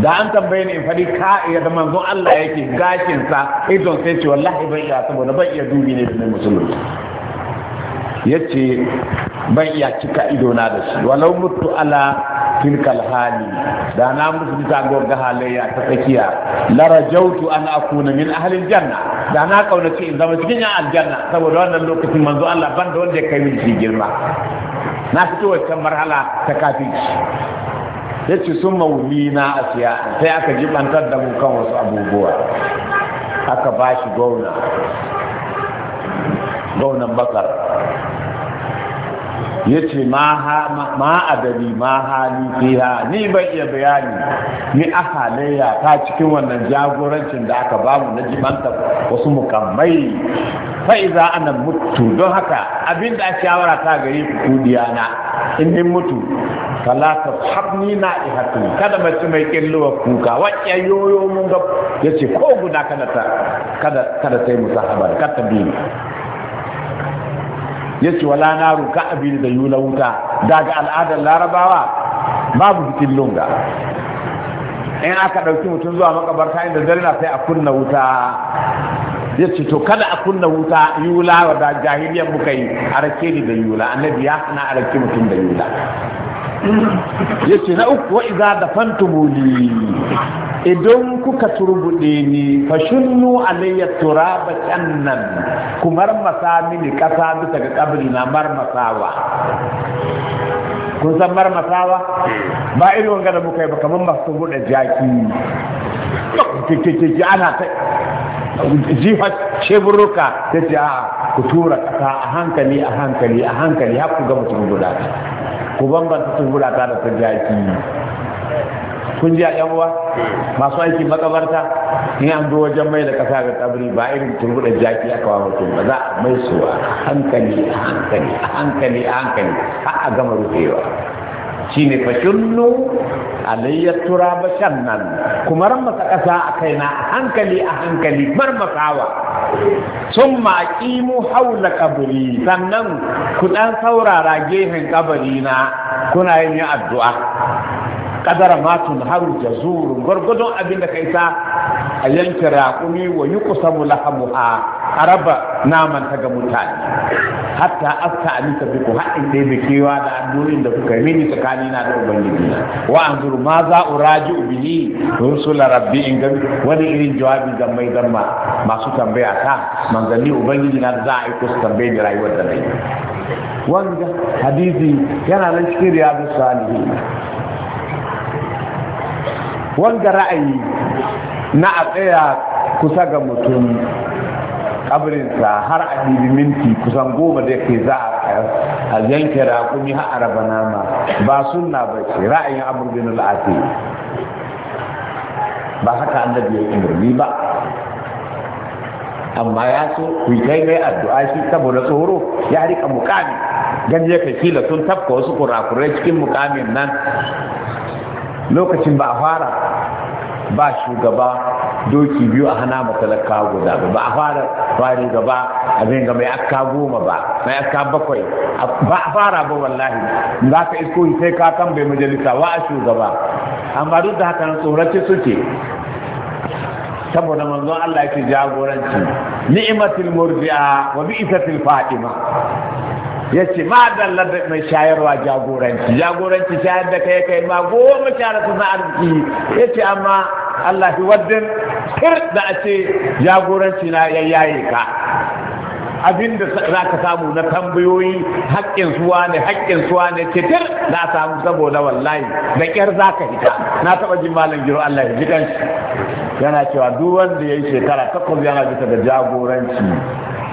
da an tambaye ni in fadi ka ya da manzo Allah yake gashin sa idon sai ce wallahi bai ya saboda ban iya dubi ne da musulmi yace ban iya cika idona da shi walau mutu ala tilkal hali da na musu bisa ga halayya ta tsakiya la rajautu an akuna min ahli janna da na kaunace in zama cikin yan aljanna saboda wannan lokacin manzo Allah ban da wanda ya kai min girma na fito wancan marhala ta ya yace sun mawuli na asiya sai aka jibantar da mu kan wasu abubuwa aka bashi gauna gaunan bakar ya ce ma adari ma hali fiha ni ban iya bayani ni a halayya ta cikin wannan jagorancin da aka bamu na jimanta wasu mukammai fa'iza ana mutu don haka abinda a shawara ta gari na in ni mutu talata habni na ihatu kada mace mai killuwa kuka wacce yoyo mun ga yace ko guda kada ta kada ta yi musahabar kada biyu yace wala naru ka abin da yula wuta daga al'adar larabawa babu bikin lunga in aka ɗauki mutum zuwa makabarta inda na sai a kunna wuta ya ce to kada a kunna wuta yula wa da jahiliyar muka yi a rake ni da yula annabi ya hana a rake mutum da yula ya ce na uku wa iza da fantumuli idan kuka turbuɗe ni fa shunnu alayya turaba kannan ku marmasa mini kasa bisa ga kabri na marmasawa kun san marmasawa ba irin wanga da muka yi ba kamar masu buɗe jaki Kekeke ana ta jifa shebruka ta ce a ku tura kasa a hankali a hankali a hankali har ku ga mutum guda ku bambanta sun guda ta da ta jaki kun ji a yan uwa masu aikin makabarta in an zo wajen mai da kasa ga kabri ba irin turbuɗa jaki aka wa mutum ba za a mai su a hankali a hankali a hankali a hankali har a gama rufewa shine fa shunnu ba shan nan. kuma masa kasa a kaina a hankali a hankali marmasawa summa hau haula ƙabari. sannan ku ɗan saurara gefen ƙabari na kuna yin addu'a kadara matun har jazurun gwargwadon abin da kai ta a yanke raƙumi wa yi kusa mulahamu a raba naman ta ga mutane hatta afta amita biku haɗin ɗaya da kewa da addu'o'in da kuka mini tsakani na da ubangiji wa an zuru ma za u raji ubini rusula rabbi in ga wani irin jawabi zan mai zan masu tambaya ta manzanni ubangiji na za a yi kusa tambaya da rayuwar da na yi hadisi yana nan cikin riyadu salihin wanga ra'ayi na a tsaya kusa ga mutum ƙabrinsa har a ɗibi minti kusan goma da ke za a yanke raƙumi har araba nama ba sunna ba ce ra'ayin amur al'ati ba haka annabi ya umarni ba amma ya so ku kai mai addu'a shi saboda tsoro ya rika mukami gani ya kai kila sun tafka wasu kurakurai cikin mukamin nan lokacin ba a fara ba shugaba doki biyu a hana matalaka guda ba ba a fara fari gaba abin ga mai aka goma ba mai aka bakwai ba a fara ba wallahi za ka isko sai ka kan bai majalisa wa a shugaba amma duk da haka tsorace suke saboda manzon Allah yake jagoranci ni'matul murji'a wa bi'satil fatima yace ma dalla mai shayarwa jagoranci jagoranci shayar da kai kai ma goma shara suna arziki yace amma Allah fi waddin kir da a ce jagoranci na yayyaye ka abinda za ka samu na tambayoyi haƙƙin suwa ne haƙƙin suwa ne titir za a samu saboda wallahi da ƙyar za ka hita na taɓa jin malam giro Allah ya ji shi. yana cewa duk wanda ya yi shekara takwas yana bisa da jagoranci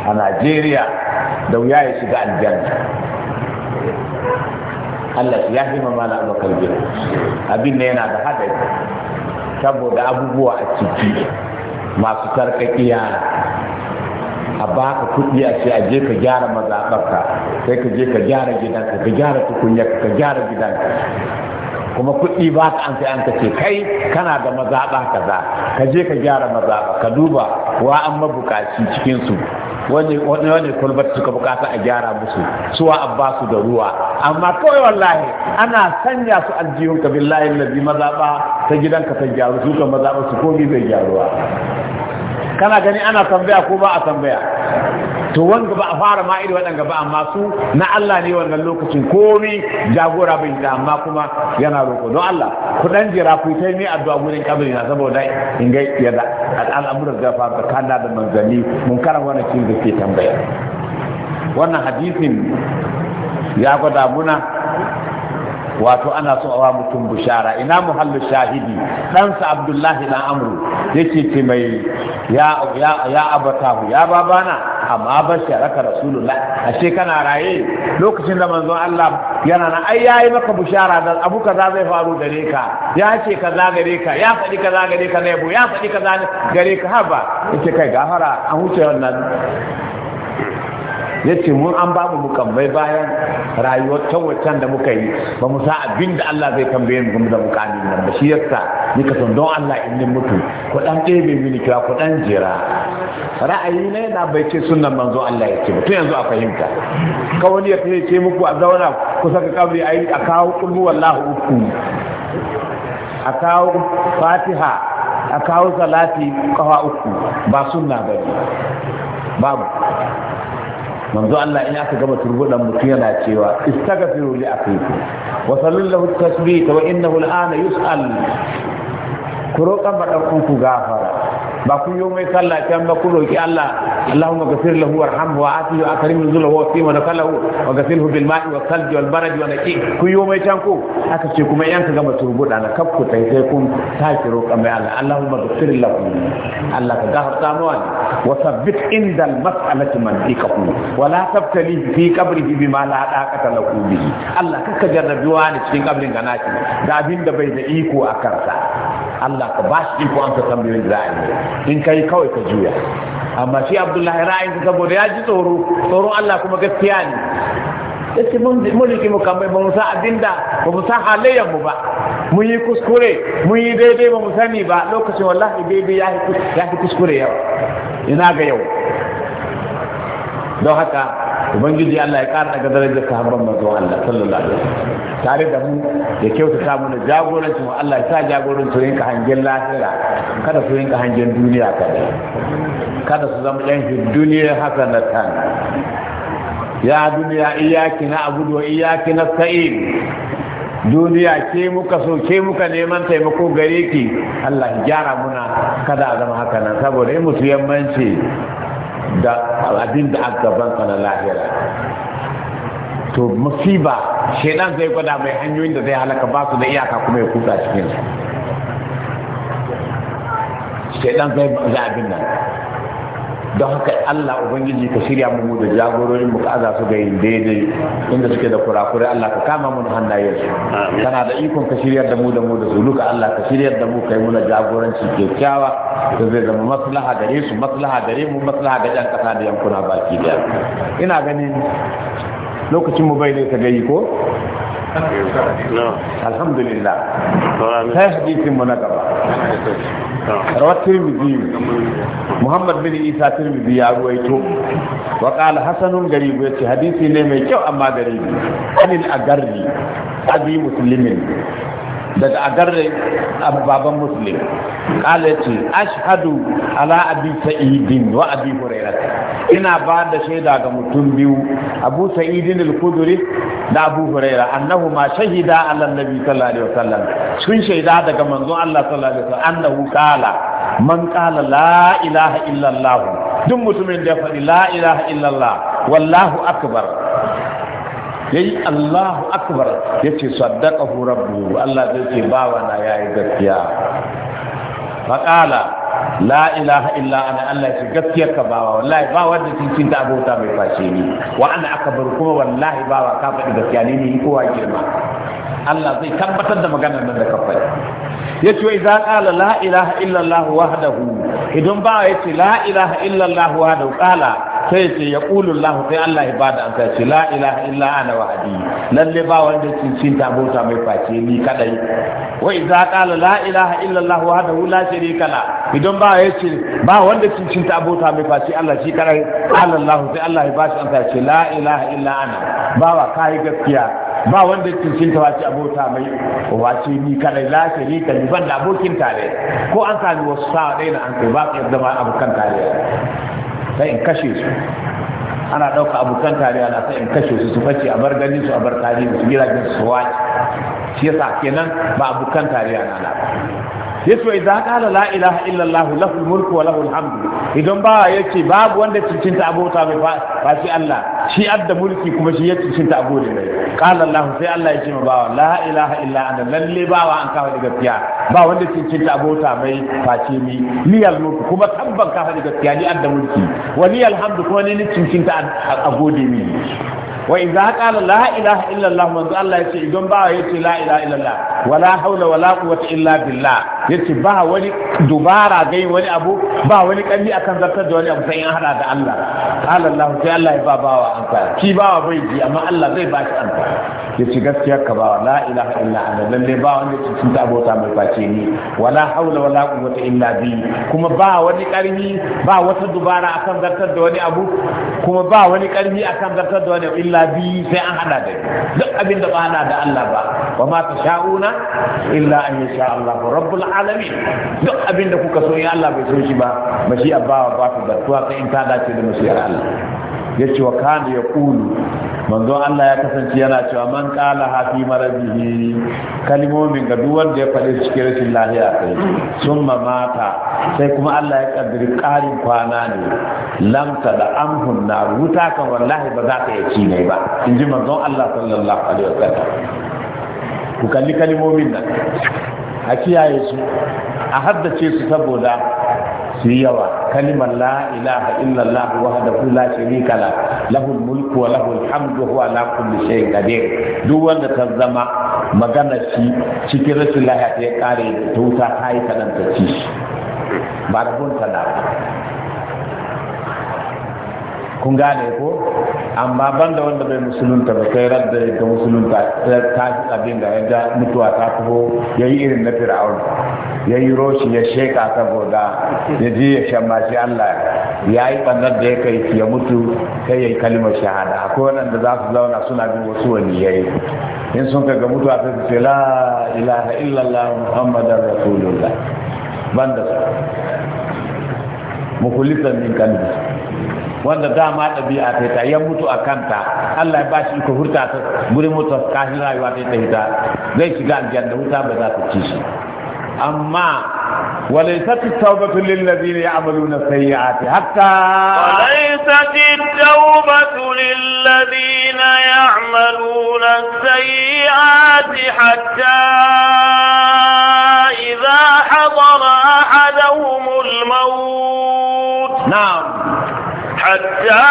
a Najeriya da wuya ya shiga aljanna Allah ya hima malam abokan giro abin da yana da haɗari saboda abubuwa a ciki masu sarkakiya a baka kuɗi a ce a je ka gyara mazaɓarka sai ka je ka gyara gidanka ka gyara tukunyarka ka gyara gidanka kuma kuɗi ba ka an sai an ka ce kai kana da mazaɓa kaza ka je ka gyara mazaɓa ka duba wa an mabukaci cikinsu wani wani kulbat suka bukata a gyara musu suwa abbasu da ruwa amma kawai wallahi ana sanya su aljihun ka billahi allazi mazaɓa ta gidanka ta gyaru su ka mazaɓa su komi bai gyaruwa kana gani ana tambaya ko ba a tambaya to wanga ba a fara ma iri waɗanga ba amma su na Allah ne wannan lokacin komai jagora bai da amma kuma yana roƙo don Allah ku dan jira ku ta mai addu'a gurin kabari na saboda in ga yadda al'amuran da faru tsakanin da manzali mun karan wannan kin da ke tambaya wannan hadisin ya gwada muna wato ana so awa mutum bushara ina muhallu shahidi ɗansa abdullahi na amru yake ce mai ya ya ya babana amma raka rasulullah ashe kana raye lokacin da manzon Allah yana na ai yayi maka bushara da abu kaza zai faru gare ka ya ce kaza gare ka ya faɗi kaza gare ka ne ya faɗi kaza gare ka haba yace kai gafara an huce wannan ya ce mun an ba mu mukammai bayan rayuwar can waccan da muka yi ba mu sa abin da Allah zai tambaye mu da mukami nan ba shi yasa ni ka don Allah in ni mutu ku dan ɗebe mini kira ku dan jira ra'ayi ne na bai ce sunnan manzo Allah ya ce to yanzu a fahimta ka wani ya ce muku a zauna ku saka kabri yi a kawo kulmu wallahu uku a kawo fatiha a kawo salati kawa uku ba sunna ba babu manzo Allah in aka gama turbudan mutum yana cewa istaghfiru li akhikum wa sallu lahu at-tasbih wa innahu al-ana yus'al ku roƙa ɗan ku gafara ba ku yi mai sallah can ba ku roki Allah Allahumma ghafir lahu warhamhu wa atihi wa akrim nuzulahu wa qima nakalahu wa ghafirhu bil ma'i wa salji wal barad wa naqi ku yi mai can ko aka ce kuma yan ka gama turbuda na kaf ku tai sai kun sake roƙa mai Allah Allahumma ghafir lahu Allah ka ta mu wa sabbit inda al mas'alati man dikahu wa la tabtali fi qabrihi bima la taqata lahu bihi Allah kaka jarrabi wani cikin qabrin ganaki da abinda da bai da iko a kansa Allah ka ba shi iko an ka tambayoyin ra'ayi in kai kawai ka juya amma shi Abdullahi ra'ayin saboda ya ji tsoro tsoro Allah kuma gaskiya ne yace mun mulki mu kan ba mu san abinda ba mu san halayyar mu ba mun yi kuskure mun yi daidai ba mu sani ba lokacin wallahi daidai ya fi kuskure yau ina ga yau don haka ubangiji Allah ya ƙara daga darajar ka sahabban mazo Allah sallallahu alaihi wasallam tare da mu ya kyautata mu da jagoranci mu Allah ya sa jagorancin yin ka hangen lahira kada su yin ka hangen duniya kada kada su zama ɗan duniya ta ya duniya iyaki na abudu wa iyaki na sa'in duniya ke muka so ke muka neman taimako gare ki Allah ya gyara muna kada a zama haka nan saboda in musu yammanci da abin da aka gabanka na lahira to musiba shaidan zai gwada mai hanyoyin da zai halaka ba su da iyaka kuma ya kuka cikin su shaidan zai abin nan don haka Allah ubangiji ka shirya mu da jagororin mu ka aza su ga yin daidai inda suke da kurakurai Allah ka kama mu da hannayen su kana da ikon ka shirya da mu da mu da su Allah ka shirya da mu kai mu na jagoranci kyakkyawa da zai zama maslaha gare su maslaha gare mu maslaha ga kasa da yankuna baki daya ina ganin lokacin mu bai ne ta gayi ko alhamdulillah sai hadisin mu na gaba rawar tirmidhi muhammad bin isa tirmidhi ya ruwaito wa qala hasanun garibu yace hadisi ne mai kyau amma gari garibi anil agarri abi muslimin daga agarre baban musulun, kala ce ashhadu ala abi sa'idin wa abi hurairah ina ba da shaida ga mutum biyu abu sa'idin al-khudri da abu hurairah ma shahida ala nabi sallallahu alaihi wasallam sun shaida daga manzon Allah sallallahu alaihi wasallam annahu kala man kala la ilaha illallah duk mutumin da ya faɗi la ilaha illallah wallahu akbar yayi Allahu akbar yace saddaqahu rabbuhu Allah zai ce bawa na yayi gaskiya faqala la ilaha illa ana Allah ce gaskiya ka bawa wallahi ba wanda cikin da abota mai face ni wa ana akbar kuma wallahi bawa ka faɗi gaskiya ne ni kowa girma Allah zai tabbatar da maganar nan da ka faɗi yace wa idza qala la ilaha illa Allah wahdahu idan ba yace la ilaha illa Allah wahdahu qala sai ce ya ƙulun lahu sai Allah ya bada an sai la ilaha illa ana wa hadi lalle ba wanda cincin ta bauta mai face ni kadai wa idza qala la ilaha illa Allah wahdahu la sharika la idan ba ya ce ba wanda cincin ta bauta mai face Allah shi kadai qala Allah sai Allah ya bashi an sai la ilaha illa ana bawa kai gaskiya ba wanda cincin ta wace abota mai wace ni kadai la sharika li banda abokin tare ko an sami wasu sa'a dai na an kai ba ka zama abokan tare sai in kashe su ana ɗauka abokan tare ana sai in kashe su su face a bar ganin su a bar tare su gidajen su wace shi yasa kenan ba abokan tarayya na ba ya yace idan qala la ilaha illallah lahu mulku wa lahu alhamdu idan ba ya ce babu wanda cincinta abota mai ba shi allah shi adda mulki kuma shi ya cincinta abota mai kala allah sai allah ya ce ma bawa la ilaha illa anta lalle bawa an kawo daga gaskiya ba wanda cincinta abota mai ba face mi liyal mulku kuma tabban kawo gaskiya ni adda mulki wa liyal hamdu kuma ni cincinta abota mai wa idza qala la ilaha illa allah manzo Allah yace idan ba yace la ilaha illa allah wala hawla wala quwwata illa billah yace ba wani dubara gai wani abu ba wani kalli akan zartar da wani abu sai in hada da Allah qala allah sai Allah ya ba bawa an ki ba wa bai ji amma Allah zai ba ki anka yace gaskiya ka ba la ilaha illa ana lalle ba wanda yace sun ta mai face ni wala hawla wala quwwata illa billah kuma ba wani karfi ba wata dubara akan zartar da wani abu kuma ba wani karfi akan zartar da wani abu illa bi sai an hada da duk abin da ba da Allah ba wa ma tasha'una illa an yasha Allah rabbul alamin duk abin da kuka so ya Allah bai so shi ba mashi shi abba ba ta da tuwa sai in ta dace da masiyar Allah yace wa ya yaqulu manzo Allah ya kasance yana cewa man qala hafi marabihi kalimomin ga duk wanda ya faɗi cikin rashin lafiya kai summa mata sai kuma Allah ya kaddari karin kwana ne lamta da amhun na wuta kan wallahi ba za ka iya ci ne ba in ji manzo Allah sallallahu alaihi wasallam ku kalli kalimomin nan a kiyaye su a haddace su saboda su yi yawa kalimar la ilaha illallah wahdahu la sharika la lahul mulku wa lahul hamdu huwa ala kulli shay'in qadir duk wanda ta zama magana shi cikin rashin ta ya kare ta wuta ta yi kananta ci ba da kun gane ko amma banda wanda bai musulunta ba kai radda ga musulunta ta fi abin da yadda mutuwa ta taho ya yi irin na fir'aun ya yi roshi ya sheka saboda ya ji ya shammaci allah ya yi ɓannar da ya kai ya mutu kai ya yi kalimar shahada akwai waɗanda za su zauna suna bin wasu yi. in sun ga mutuwa ta ce la ilaha illallah muhammadar rasulullah banda su mukulisan min kalbi wanda dama ɗabi'a ta ta ya mutu a kanta Allah ya ba shi iko hurta ta guri mutu ta kafin rayuwa ta ta hita zai shiga aljanna wuta ba za ta ci shi amma وليست التوبة للذين يعملون السيئات حتى وليست التوبة للذين يعملون السيئات حتى إذا حضر أحدهم الموت نعم حتى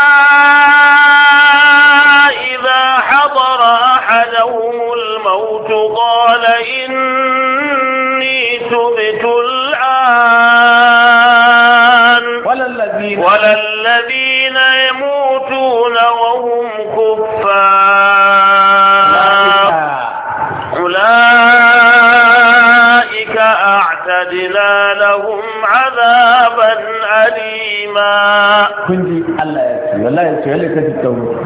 إذا حضر أحدهم الموت قال إني تبت الآن ولا الذين يموتون وهم كفار kun ji Allah ya ce wallahi ce yalle kace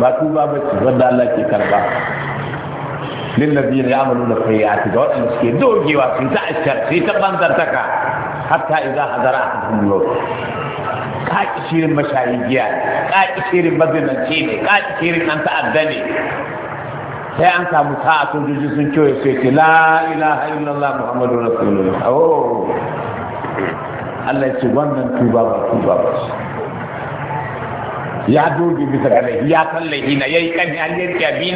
ba ba wanda Allah ke karba lil ladina ya'maluna sayyi'ati ga wadanda suke dogewa sun ta ashar sai ta hatta idza hadara maut ka shirin mashayi giya ka shirin mazinanci ne ka shirin an ta'adda ne sai an samu sa'a sojoji sun kewaye sai ce la ilaha illallah muhammadu rasulullah oh Allah ya ce wannan tuba ba tuba ba ya doge bisa ga laifi ya san laifi na yayi kan an yi kyabi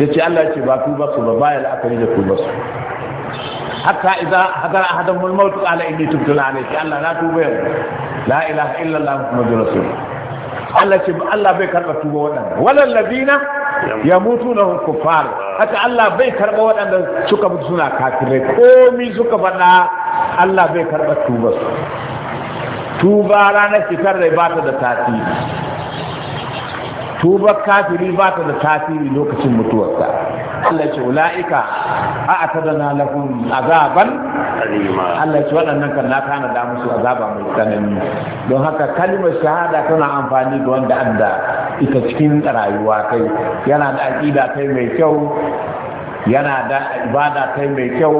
Ya ce Allah ce ba tuba su ba baya la'akari da tuba su hatta idza hadara ahadum al-maut ala inni tubtu alayka Allah na tuba yau la ilaha illa Allah muhammadur rasul Allah ce Allah bai karba tuba waɗanda walal ladina yamutuna hum kuffar haka Allah bai karba waɗanda suka mutu suna kafirai komi suka faɗa Allah bai karba tuba su tuba ranar fitar da ba ta da tasiri tuba kafiri ba ta da tasiri lokacin mutuwarsa Allah ce ula'ika a a na lahum azaban Allah ce waɗannan kan na kana da musu azaba mai tsanani don haka kalmar shahada tana amfani da wanda anda ita cikin rayuwa kai yana da aƙida kai mai kyau yana da ibada kai mai kyau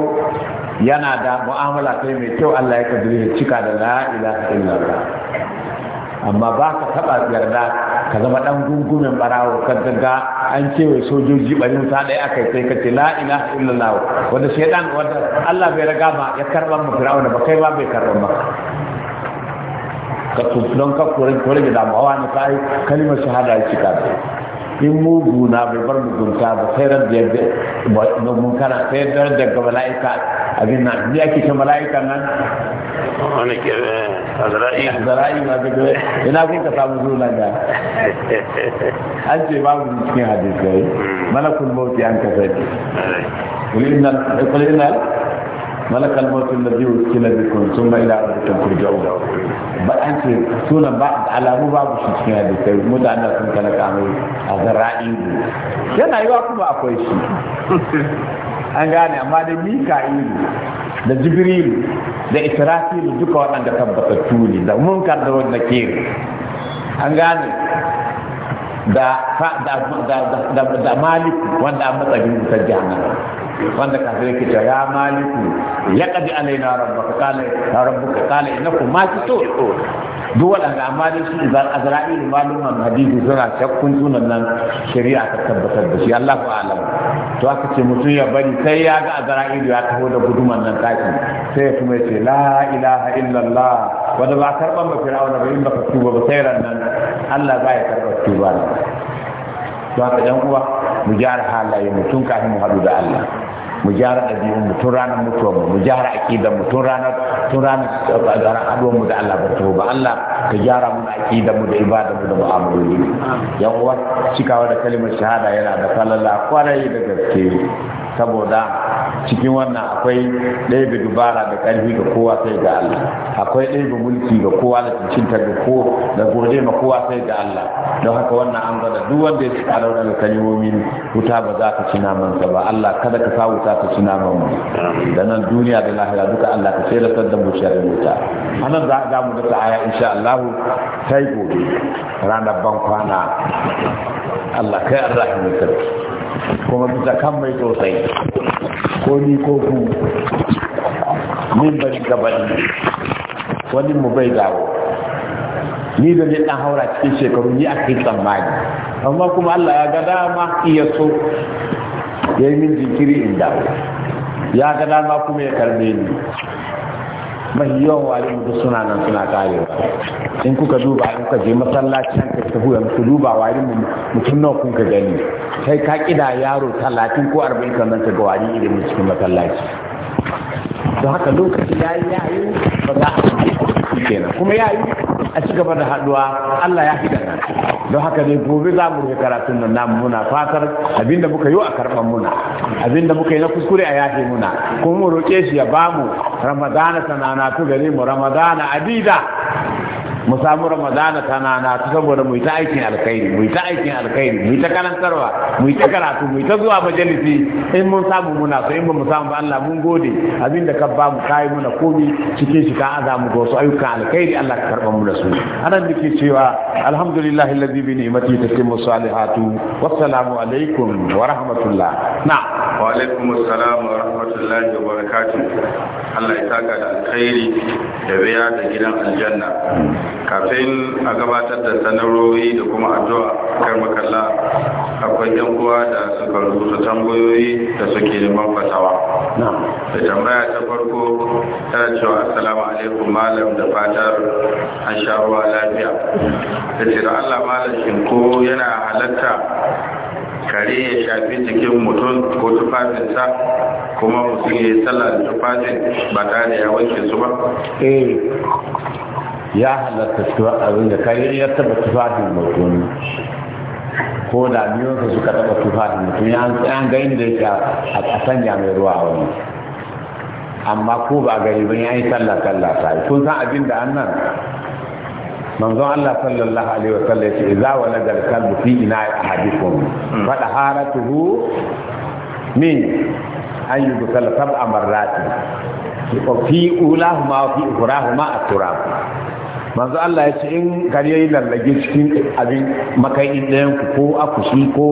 yana da mu'amala kai mai kyau Allah ya kadiri cika da la ilaha illallah amma ba ka taɓa yarda ka zama ɗan gungumen barawo ka daga an wai sojoji barin sa dai aka sai ka ce la ilaha illallah wanda shaytan wanda Allah bai raga ba ya karban mu fir'auna ba kai ba bai karban ba ka ka kore kore da ne ka kai kalimar shahada ya cika in mugu na bai bar mugunta ba sai ran da sai ran mala'ika abin ake ce mala'ika nan wani ke eh, azra'i azra'i ma ina kun ka samu zuwa ga an ce babu cikin hadisi eh. mm. an ka sani malaka almautin da biyu kila bikon sun ma ila rubutun kurjau ba an ce suna ba alamu babu shi cikin hadisai mutanen sun kana kamo a zara'i yana yiwa kuma akwai shi an gane amma da mika'ilu da jibrilu da israfilu duka waɗanda tabbatattu ne da munkar da wanda ke an gane da da da da malik wanda a matsayin ta jihannama wanda kafin ke ta ya maliku ya kadi alaina rabbaka kala rabbuka kala innakum to duk waɗanda amma dai da azra'il maluman hadisi suna shakkun sunan nan shari'a ta tabbatar da shi Allah ku alam to aka ce mutum ya bari sai ya ga azra'il ya taho da guduman nan taki sai kuma ya ce la ilaha illallah wanda ba karban ba fir'auna ba in baka ka tuba ba sai ran nan Allah ba ya karɓar tuba to ka yan uwa mu gyara halaye mu tun kafin mu haɗu da Allah mu jara ɗabi'un mu tun ranar mutuwa mu jara aƙidar mu tun ranar tun ranar mu da Allah ba ba Allah ka gyara mu aƙidar mu da ibada mu da mu'amaloli yan uwa cikawa da kalimar shahada yana da falala kwarai da gaske saboda cikin wannan akwai ɗaya dubara da ƙarfi ga kowa sai ga Allah akwai ɗaya mulki ga kowa da cincinta ga ko da gode ma kowa sai ga Allah don haka wannan an gada duk wanda ya ci a wuta ba za ka ci naman sa ba Allah kada ka sa wuta ka ci naman mu da nan duniya da lahira duka Allah ka sai da sadda mu wuta anan za ga mu da aya insha Allah sai gobe ranar ban kwana Allah kai arrahimin sarki kuma bisa kan mai sosai ko ni ko ku min bari gabani wani mu bai dawo ni da ni dan haura cikin shekaru ni a kai tsammani amma kuma Allah ya ga dama iya so ya yi min jinkiri in dawo ya ga dama kuma ya karbe ni mai yawan walimu mutu suna nan suna karewa in kuka duba in kuka je masallaci kan ka tafi yanzu duba walimu mutum nawa kun ka gani sai ka kida yaro talatin ko arba'in sannan ta ga wari ilimin cikin masallaci don haka lokaci ya yi yayi ba za a yi kenan kuma ya yi a ci gaba da haduwa Allah ya fi da don haka ne gobe za mu rufe karatun nan namu muna fatar abinda muka yi a karban muna abinda muka yi na kuskure a yafe muna kuma mu roƙe shi ya bamu ramadana sananatu gare mu ramadana adida mu samu ramadana tana na ta saboda mu ta aikin alkhairi mu ta aikin alkhairi mu ta karantarwa mu ta karatu mu ta zuwa majalisi in mun samu muna so in ba mu samu ba Allah mun gode abinda ka ba mu kai muna komi cikin shi ka azamu ga wasu ayyukan alkhairi Allah ka karba mu da su anan nake cewa alhamdulillah alladhi bi ni'mati tatimmu salihatu wassalamu alaikum wa rahmatullah na wa alaikum assalam wa rahmatullahi wa barakatuh Allah ya saka da alkhairi da biya da gidan aljanna kafin a gabatar da sanarori da kuma addu'a kai makalla akwai yan uwa da suka rubuta tambayoyi da suke neman fatawa da tambaya ta farko tana cewa assalamu alaikum malam da fatar an sha lafiya da ce allah malam shin ko yana halatta kare ya shafi jikin mutum ko tufafinsa kuma mutum ya yi tufafin ba tare da ya wanke su ba eh. ya halatta abin da kayan ya taba tufafin mutum ko da miyonsa suka taba tufafin mutum ya gani da yake a sanya mai ruwa wani amma ko ba gari ba ya yi sallah sallah ta yi kun san abin da annan manzon Allah sallallahu alaihi wa sallam yace idza walada al-kalbu fi ina'i ahadikum hmm. fa taharatuhu min an yudkhala sab'a marrati fi ulahuma wa fi ukhrahuma at-turab manzo Allah ya ce in gari yi lallage cikin abin makai ɗayan ku ko akushi ko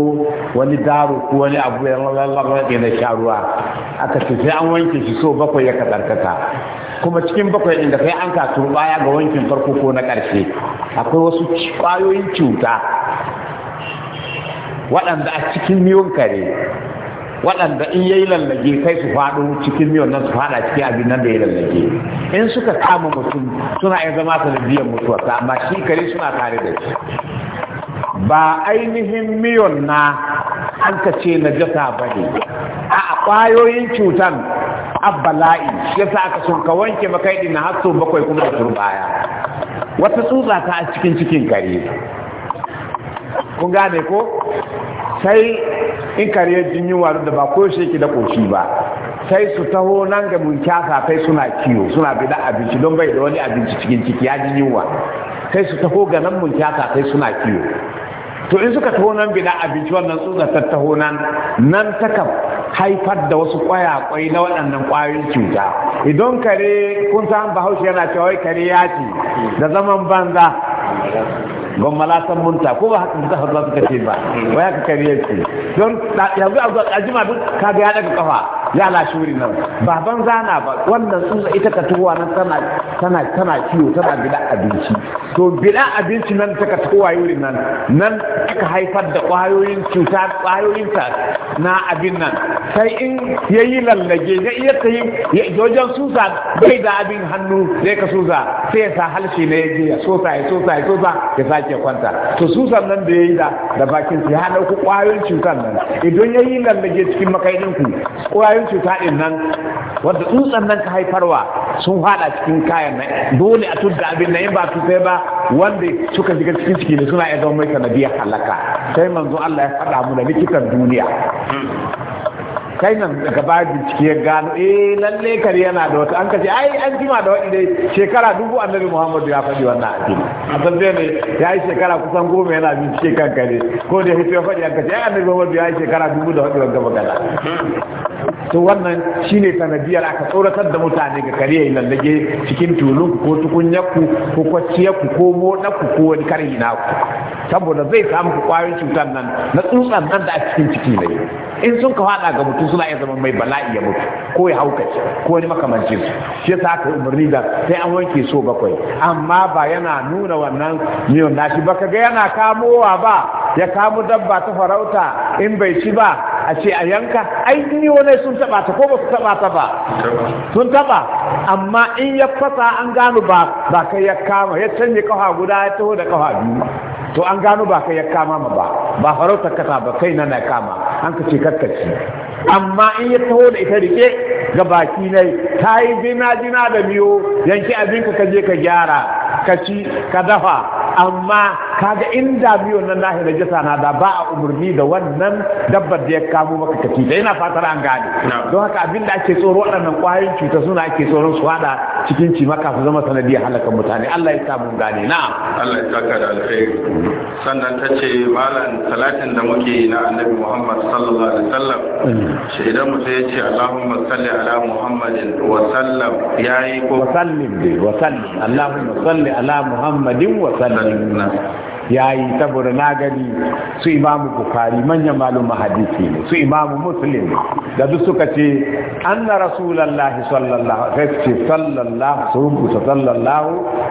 wani daro ko wani abu ya lallaba ke na sha aka ce sai an wanke shi so bakwai ya kadarkata kuma cikin bakwai inda kai an ka turbaya ga wankin farko ko na ƙarshe akwai wasu kwayoyin cuta waɗanda a cikin miyun kare waɗanda in yayi lallage kai su faɗo cikin miyon nan su faɗa ciki abin nan da ya lallage in suka kama mutum suna iya zama sanadiyar ta amma shi kare suna tare da shi ba ainihin miyon na an ka na jasa ba ne a ƙwayoyin cutan abbala'i shi yasa aka sun ka wanke makaidi na hasso bakwai kuma da turbaya wata tsutsa ta a cikin cikin kare kun gane ko sai in kare jin yunwa da ba ko shi da koshi ba sai su taho nan ga mun kyasa kai suna kiwo suna bida abinci don bai da wani abinci cikin ciki ya jin yunwa sai su taho ga nan mun kyasa kai suna kiwo to in suka taho nan bida abinci wannan su ga tattaho nan nan ta kam haifar da wasu kwayakwai na waɗannan ƙwayoyin cuta idan kare kun san bahaushe yana cewa kare ya ce da zaman banza gwamma san munta ko ba haka za su kashe ba wai haka kare ya ce don yanzu a jima duk kaga ya daga kafa ya lashe wuri nan ba banza na ba wannan tsuntsa ita ka tuwa nan tana tana ciwo tana bida abinci to bida abinci nan ta ka tuwa wuri nan nan ka haifar da ƙwayoyin cuta ƙwayoyin ta na abin nan sai in ya yi lallage ya iya ta yi wajen susa bai da abin hannu zai ka susa sai ya sa halshe na ya je ya sosa ya sosa ya sosa ya sake kwanta to susan nan da ya yi da bakin ya ɗauki ƙwayoyin cutar nan idan ya yi lallage cikin makaidin ku ƙwayoyin cuta din nan wanda tsutsan nan ka haifarwa sun haɗa cikin kayan nan dole a tudda abin nan in ba su sai ba wanda suka shiga cikin ciki ne suna iya zama mai sanadiyar halaka sai manzo Allah ya faɗa mu da likitan duniya kai nan daga baya bincike ya gano eh lalle kare yana da wata an kace ai an jima da wani dai shekara dubu annabi muhammadu ya faɗi wannan abin a san dai ne ya yi shekara kusan goma yana bincike kan kare ko da ya fito ya faɗi an kace ai annabi muhammadu ya yi shekara dubu da wani wanda magana to wannan shine sanadiyar aka tsoratar da mutane ga kare ya lallage cikin tulun ko tukunyarku ko kwaciyarku ko ku ko wani kare ku saboda zai samu ku kwayoyin cutar nan na tsutsan nan da a cikin ciki ne in sun ka fada ga mutum suna iya zama mai bala'i ya mutu ko ya haukace ko wani makamancin su shi yasa aka umarni da sai an wanke so bakwai amma ba yana nuna wannan miyon nashi ba ka ga yana kamowa ba ya kamo dabba ta farauta in bai ci ba a ce a yanka ai ni wani dai sun taba ta ko ba su taba ta ba sun taba amma in ya fasa an gano ba ba kai ya kama ya canje kafa guda ya taho da kafa biyu to an gano ba kai ya kama ma ba ba farauta kasa ba kai na na kama an ka ce karkace amma in ya taho da ita rike ga baki nai ta yi jina da miyo yanki abinka ka je ka gyara ka ci ka dafa amma kaga inda biyo nan nahi jasa na da ba a umarni da wannan dabbar da ya kamo maka kaci da yana fatar an gane don haka abin da ake tsoro waɗannan ƙwayoyin cuta suna ake tsoron su hada cikin cimaka su zama sanadiyar halakan mutane Allah ya sa mu gane na Allah ya saka da alheri sannan ta ce malam salatin da muke yi na annabi Muhammad sallallahu alaihi wasallam shi mu sai ya ce Allahumma salli ala Muhammadin wa sallam yayi ko sallim dai wa sallim Allahumma salli ala Muhammadin wa sallim zalimuna yayi saboda na gani su imamu bukari manyan malum hadisi ne su imamu muslim ne da duk suka ce anna rasulullahi sallallahu alaihi sallallahu sun sallallahu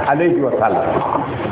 alaihi wa sallam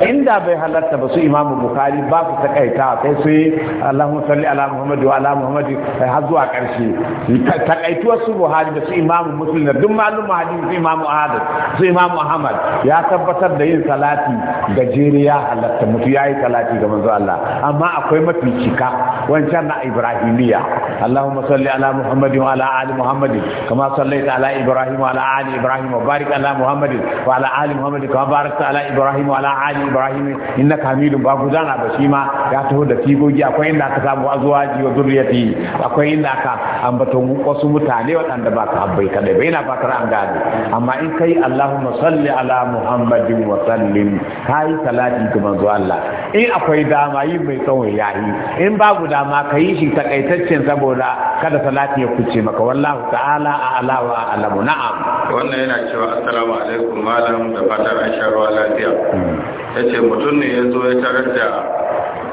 inda bai halatta ba su imamu bukari ba su takaita sai su yi allahumma salli ala muhammadu wa ala muhammadu har zuwa karshe takaituwar su buhari da su imamu muslim da duk malum hadisi su imamu ahmad su imamu ahmad ya tabbatar da yin salati gajeriya halatta mutu yayi yi talati ga manzo Allah amma akwai mafi cika wancan na ibrahimiya Allahumma salli ala Muhammadin wa ala ali Muhammadin kama sallaita ala Ibrahim wa ala ali Ibrahim wa barik ala Muhammadin wa ala ali Muhammadin kama barakta ala Ibrahim wa ala ali Ibrahim innaka Hamidun ba gudana ba shi ma ya taho da tigogi akwai inda ka samu azwaji wa zurriyati akwai inda ka ambaton wasu mutane waɗanda ba ka habbai kadai ba yana fatar an gane amma in kai Allahumma salli ala Muhammadin wa sallim kai salati ga manzo Allah in akwai dama yi mai tsawon yayi in babu dama ka yi shi takaitaccen saboda kada salati ya kuce maka wallahu ta'ala a alawa a alamu na'am wannan yana cewa assalamu alaikum malam da fatar an sharuwa lafiya hmm. ya ce mutum ne ya zo ya tarar da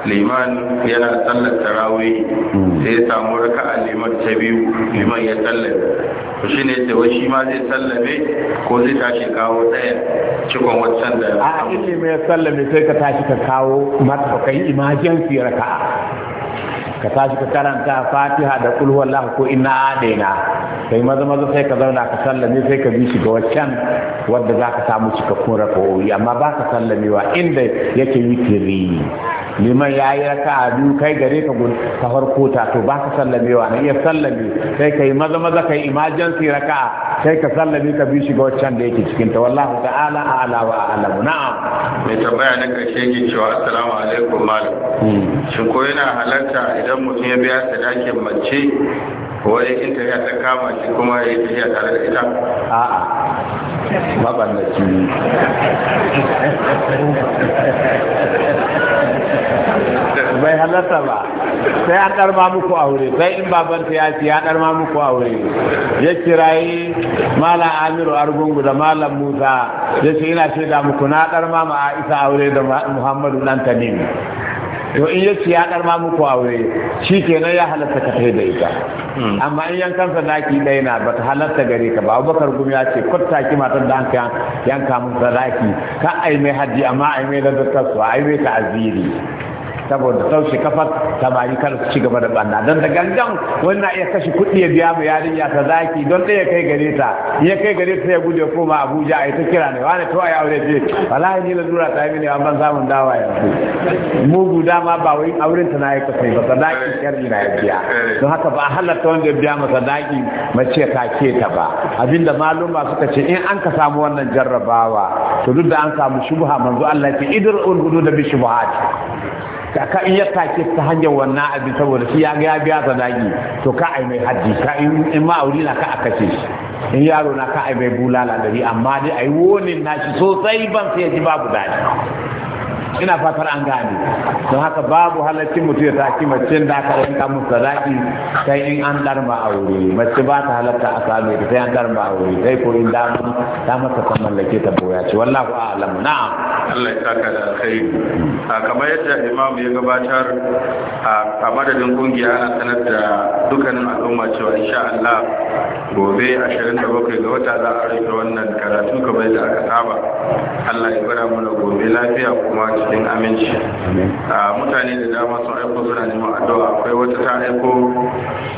liman yana sallar tarawih hmm. sai ya samu a liman ta biyu liman ya sallame to shine yace wai shi ma zai ne ko zai tashi kawo daya cikon wancan da a ilimi ya sallame sai ka tashi ka kawo mata kai emergency raka'a ka tashi ka karanta fatiha da kul huwallahu ko inna adaina kai maza maza sai ka zauna ka sallame sai ka bi ga waccan wanda za ka samu cikakkun rakowi amma ba ka sallamewa inda yake witiri liman ya yi raka a biyu kai gare ka gun ka farko ta to ba ka sallamewa na iya sallame sai kai maza maza kai yi emergency raka sai ka sallame ka bishi ga waccan da yake cikin ta wallahu ta'ala ala wa a'lamu na'am mai tambaya na karshe yin cewa assalamu alaikum malam hmm. shin ko yana halarta idan mutum ya biya sadakin mace wai in ta ta kama shi kuma ya yi tafiya tare da ita a'a mabannaci bai halatta ba sai an ɗarma muku aure sai in babanta ya ce ya ɗarma muku aure ya kirayi malam amiru argungu da malam musa ya ce ina ce da muku na ɗarma ma isa aure da muhammadu ɗan tamim to in ya ci ya karma muku aure shi kenan ya halatta ka da ita hmm. amma in yankansa daki ɗaya na ba ta halatta gare ka ba abubakar gumi ya ce kwata ki matar da hanka yanka mun sadaki ka ai mai haji amma ai mai ta ai mai aziri saboda sauce kafar samari kar su ci gaba da banda don da gangan wani na iya kashe kuɗi ya biya mu yarinya ta zaki don ɗaya kai gare ta ya kai gare ta ya gude koma abuja a yi ta kira ne wani to a yi aure ce wallahi ni lalura ta yi mini an ban samun dawa yanzu guda ma ba wai auren ta na yi kasai ba sadaki ni na ya biya don haka ba a halatta wanda ya biya mu sadaki mace ta ke ta ba abinda maluma suka ce in an ka samu wannan jarrabawa to duk da an samu shubha manzo Allah ya ce idrul hudud bi shubuhat ka in ya take ta hanyar wannan abin saboda shi ya ga ya biya ta dagi to ka ai mai haddi ka in ma auri na ka aka ce shi in yaro na ka ai mai bulala dari amma dai ai wonin na shi sosai ban sai ji babu dadi ina fatar an gane don haka babu halaccin mutum ya taki mace da aka rinka musu sadaki sai in an darma aure mace ba ta halatta a samu ita sai an darma aure sai ko in dama ta masa ta mallake ta boya ce wallahu a'lam na'am Allah ya saka da kai kamar yadda imam ya gabatar a madadin kungiya ana sanar da dukkanin al'umma cewa insha Allah gobe 27 ga wata za a rike wannan karatu kamar yadda aka saba Allah ya gwada mana gobe lafiya kuma cikin aminci mutane da dama sun aiko suna neman addu'a akwai wata ta aiko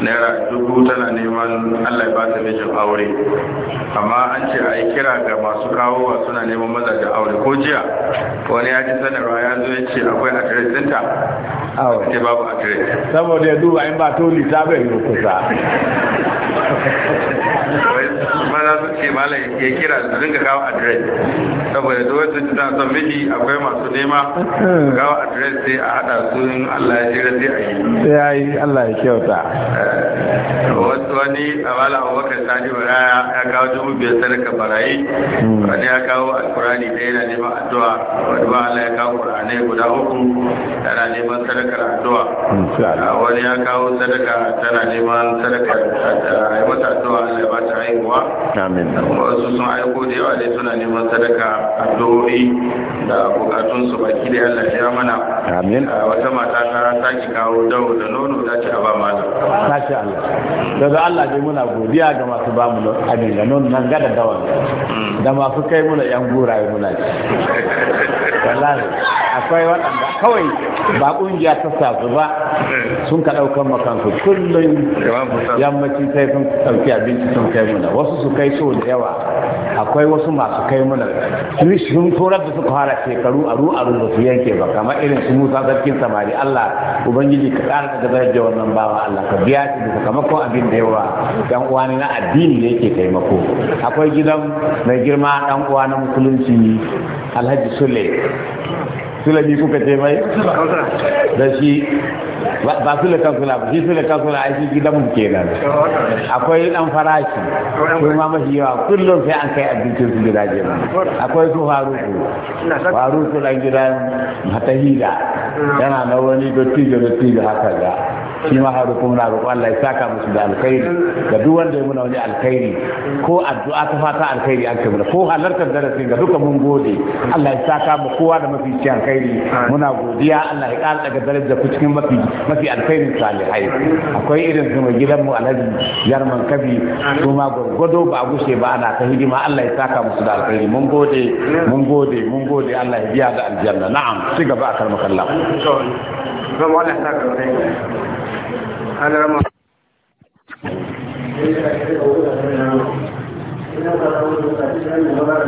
naira dubu tana neman allah ya bata mijin aure amma an ce a yi kira ga masu kawowa suna neman mazajen aure ko jiya wani ya ji sanarwa ya zo ya ce akwai adres ɗinta ce babu adres saboda ya duba in ba toli ta bai yi kusa mana su ce malam ya kira su dinga kawo adres saboda duk wacce tana son miji akwai masu nema gawa adres sai a hada su in Allah ya jira sai a yi sai Allah ya kyauta eh, wani a wala abubakar sani baraya ya kawo dubu biyar sadaka barayi hmm. wani ya kawo alkurani ɗaya na neman addu'a wani ba Allah ya kawo kur'anai guda uku yana neman sadakar addu'a wani ya kawo sadaka tana neman sadakar a mata addu'a Allah ya ba ta haihuwa wasu sun aiko da yawa dai suna neman sadaka addu'o'i da bukatun su baki da Allah ya mana amin wata mata ta saki kawo dawo da nono ta ci a ba malam masha Allah daga Allah dai muna godiya ga masu ba mu abin da nono nan gada dawo mm. da masu kai muna yan guraye muna ci wallahi akwai waɗanda kawai ba ƙungiya ta sasu ba sun ka ɗaukan makansu kullum yammaci sai sun ɗauki abinci sun kai muna wasu su kai so da yawa akwai wasu masu kai muna sun turar da suka fara shekaru a ru'arun da su yanke ba kamar irin su musa sarkin samari allah ubangiji ka ƙara da darajar wannan bawa allah ka biya shi da sakamakon abin da yawa dan uwa na addini da yake taimako akwai gidan mai girma dan uwa na musulunci alhaji sule sulami kuka kete may da shi ba su da kansu na shi su da kansu na aiki gidan mu kenan akwai dan farashi ko ma mafi ko kullum sai an kai abincin su gidaje ba akwai su faruku faruku dan gidan hatahida yana na wani dottijo da haka ga shi ma haru kuma na ko Allah ya saka musu da alkhairi da duk wanda ya muna wani alkhairi ko addu'a ta fata alkhairi an kai ko halartar darasin ga duka mun gode Allah ya saka mu kowa da mafi ciyan alkhairi muna godiya Allah ya ƙara daga darajar ku cikin mafi mafi alkhairi salihai akwai irin su mai gidan mu Alhaji Jarman Kabi su ma gwargwado ba gushe ba ana ta hidima Allah ya saka musu da alkhairi mun gode mun gode mun gode Allah ya biya da aljanna na'am ci gaba a karmakallah Thank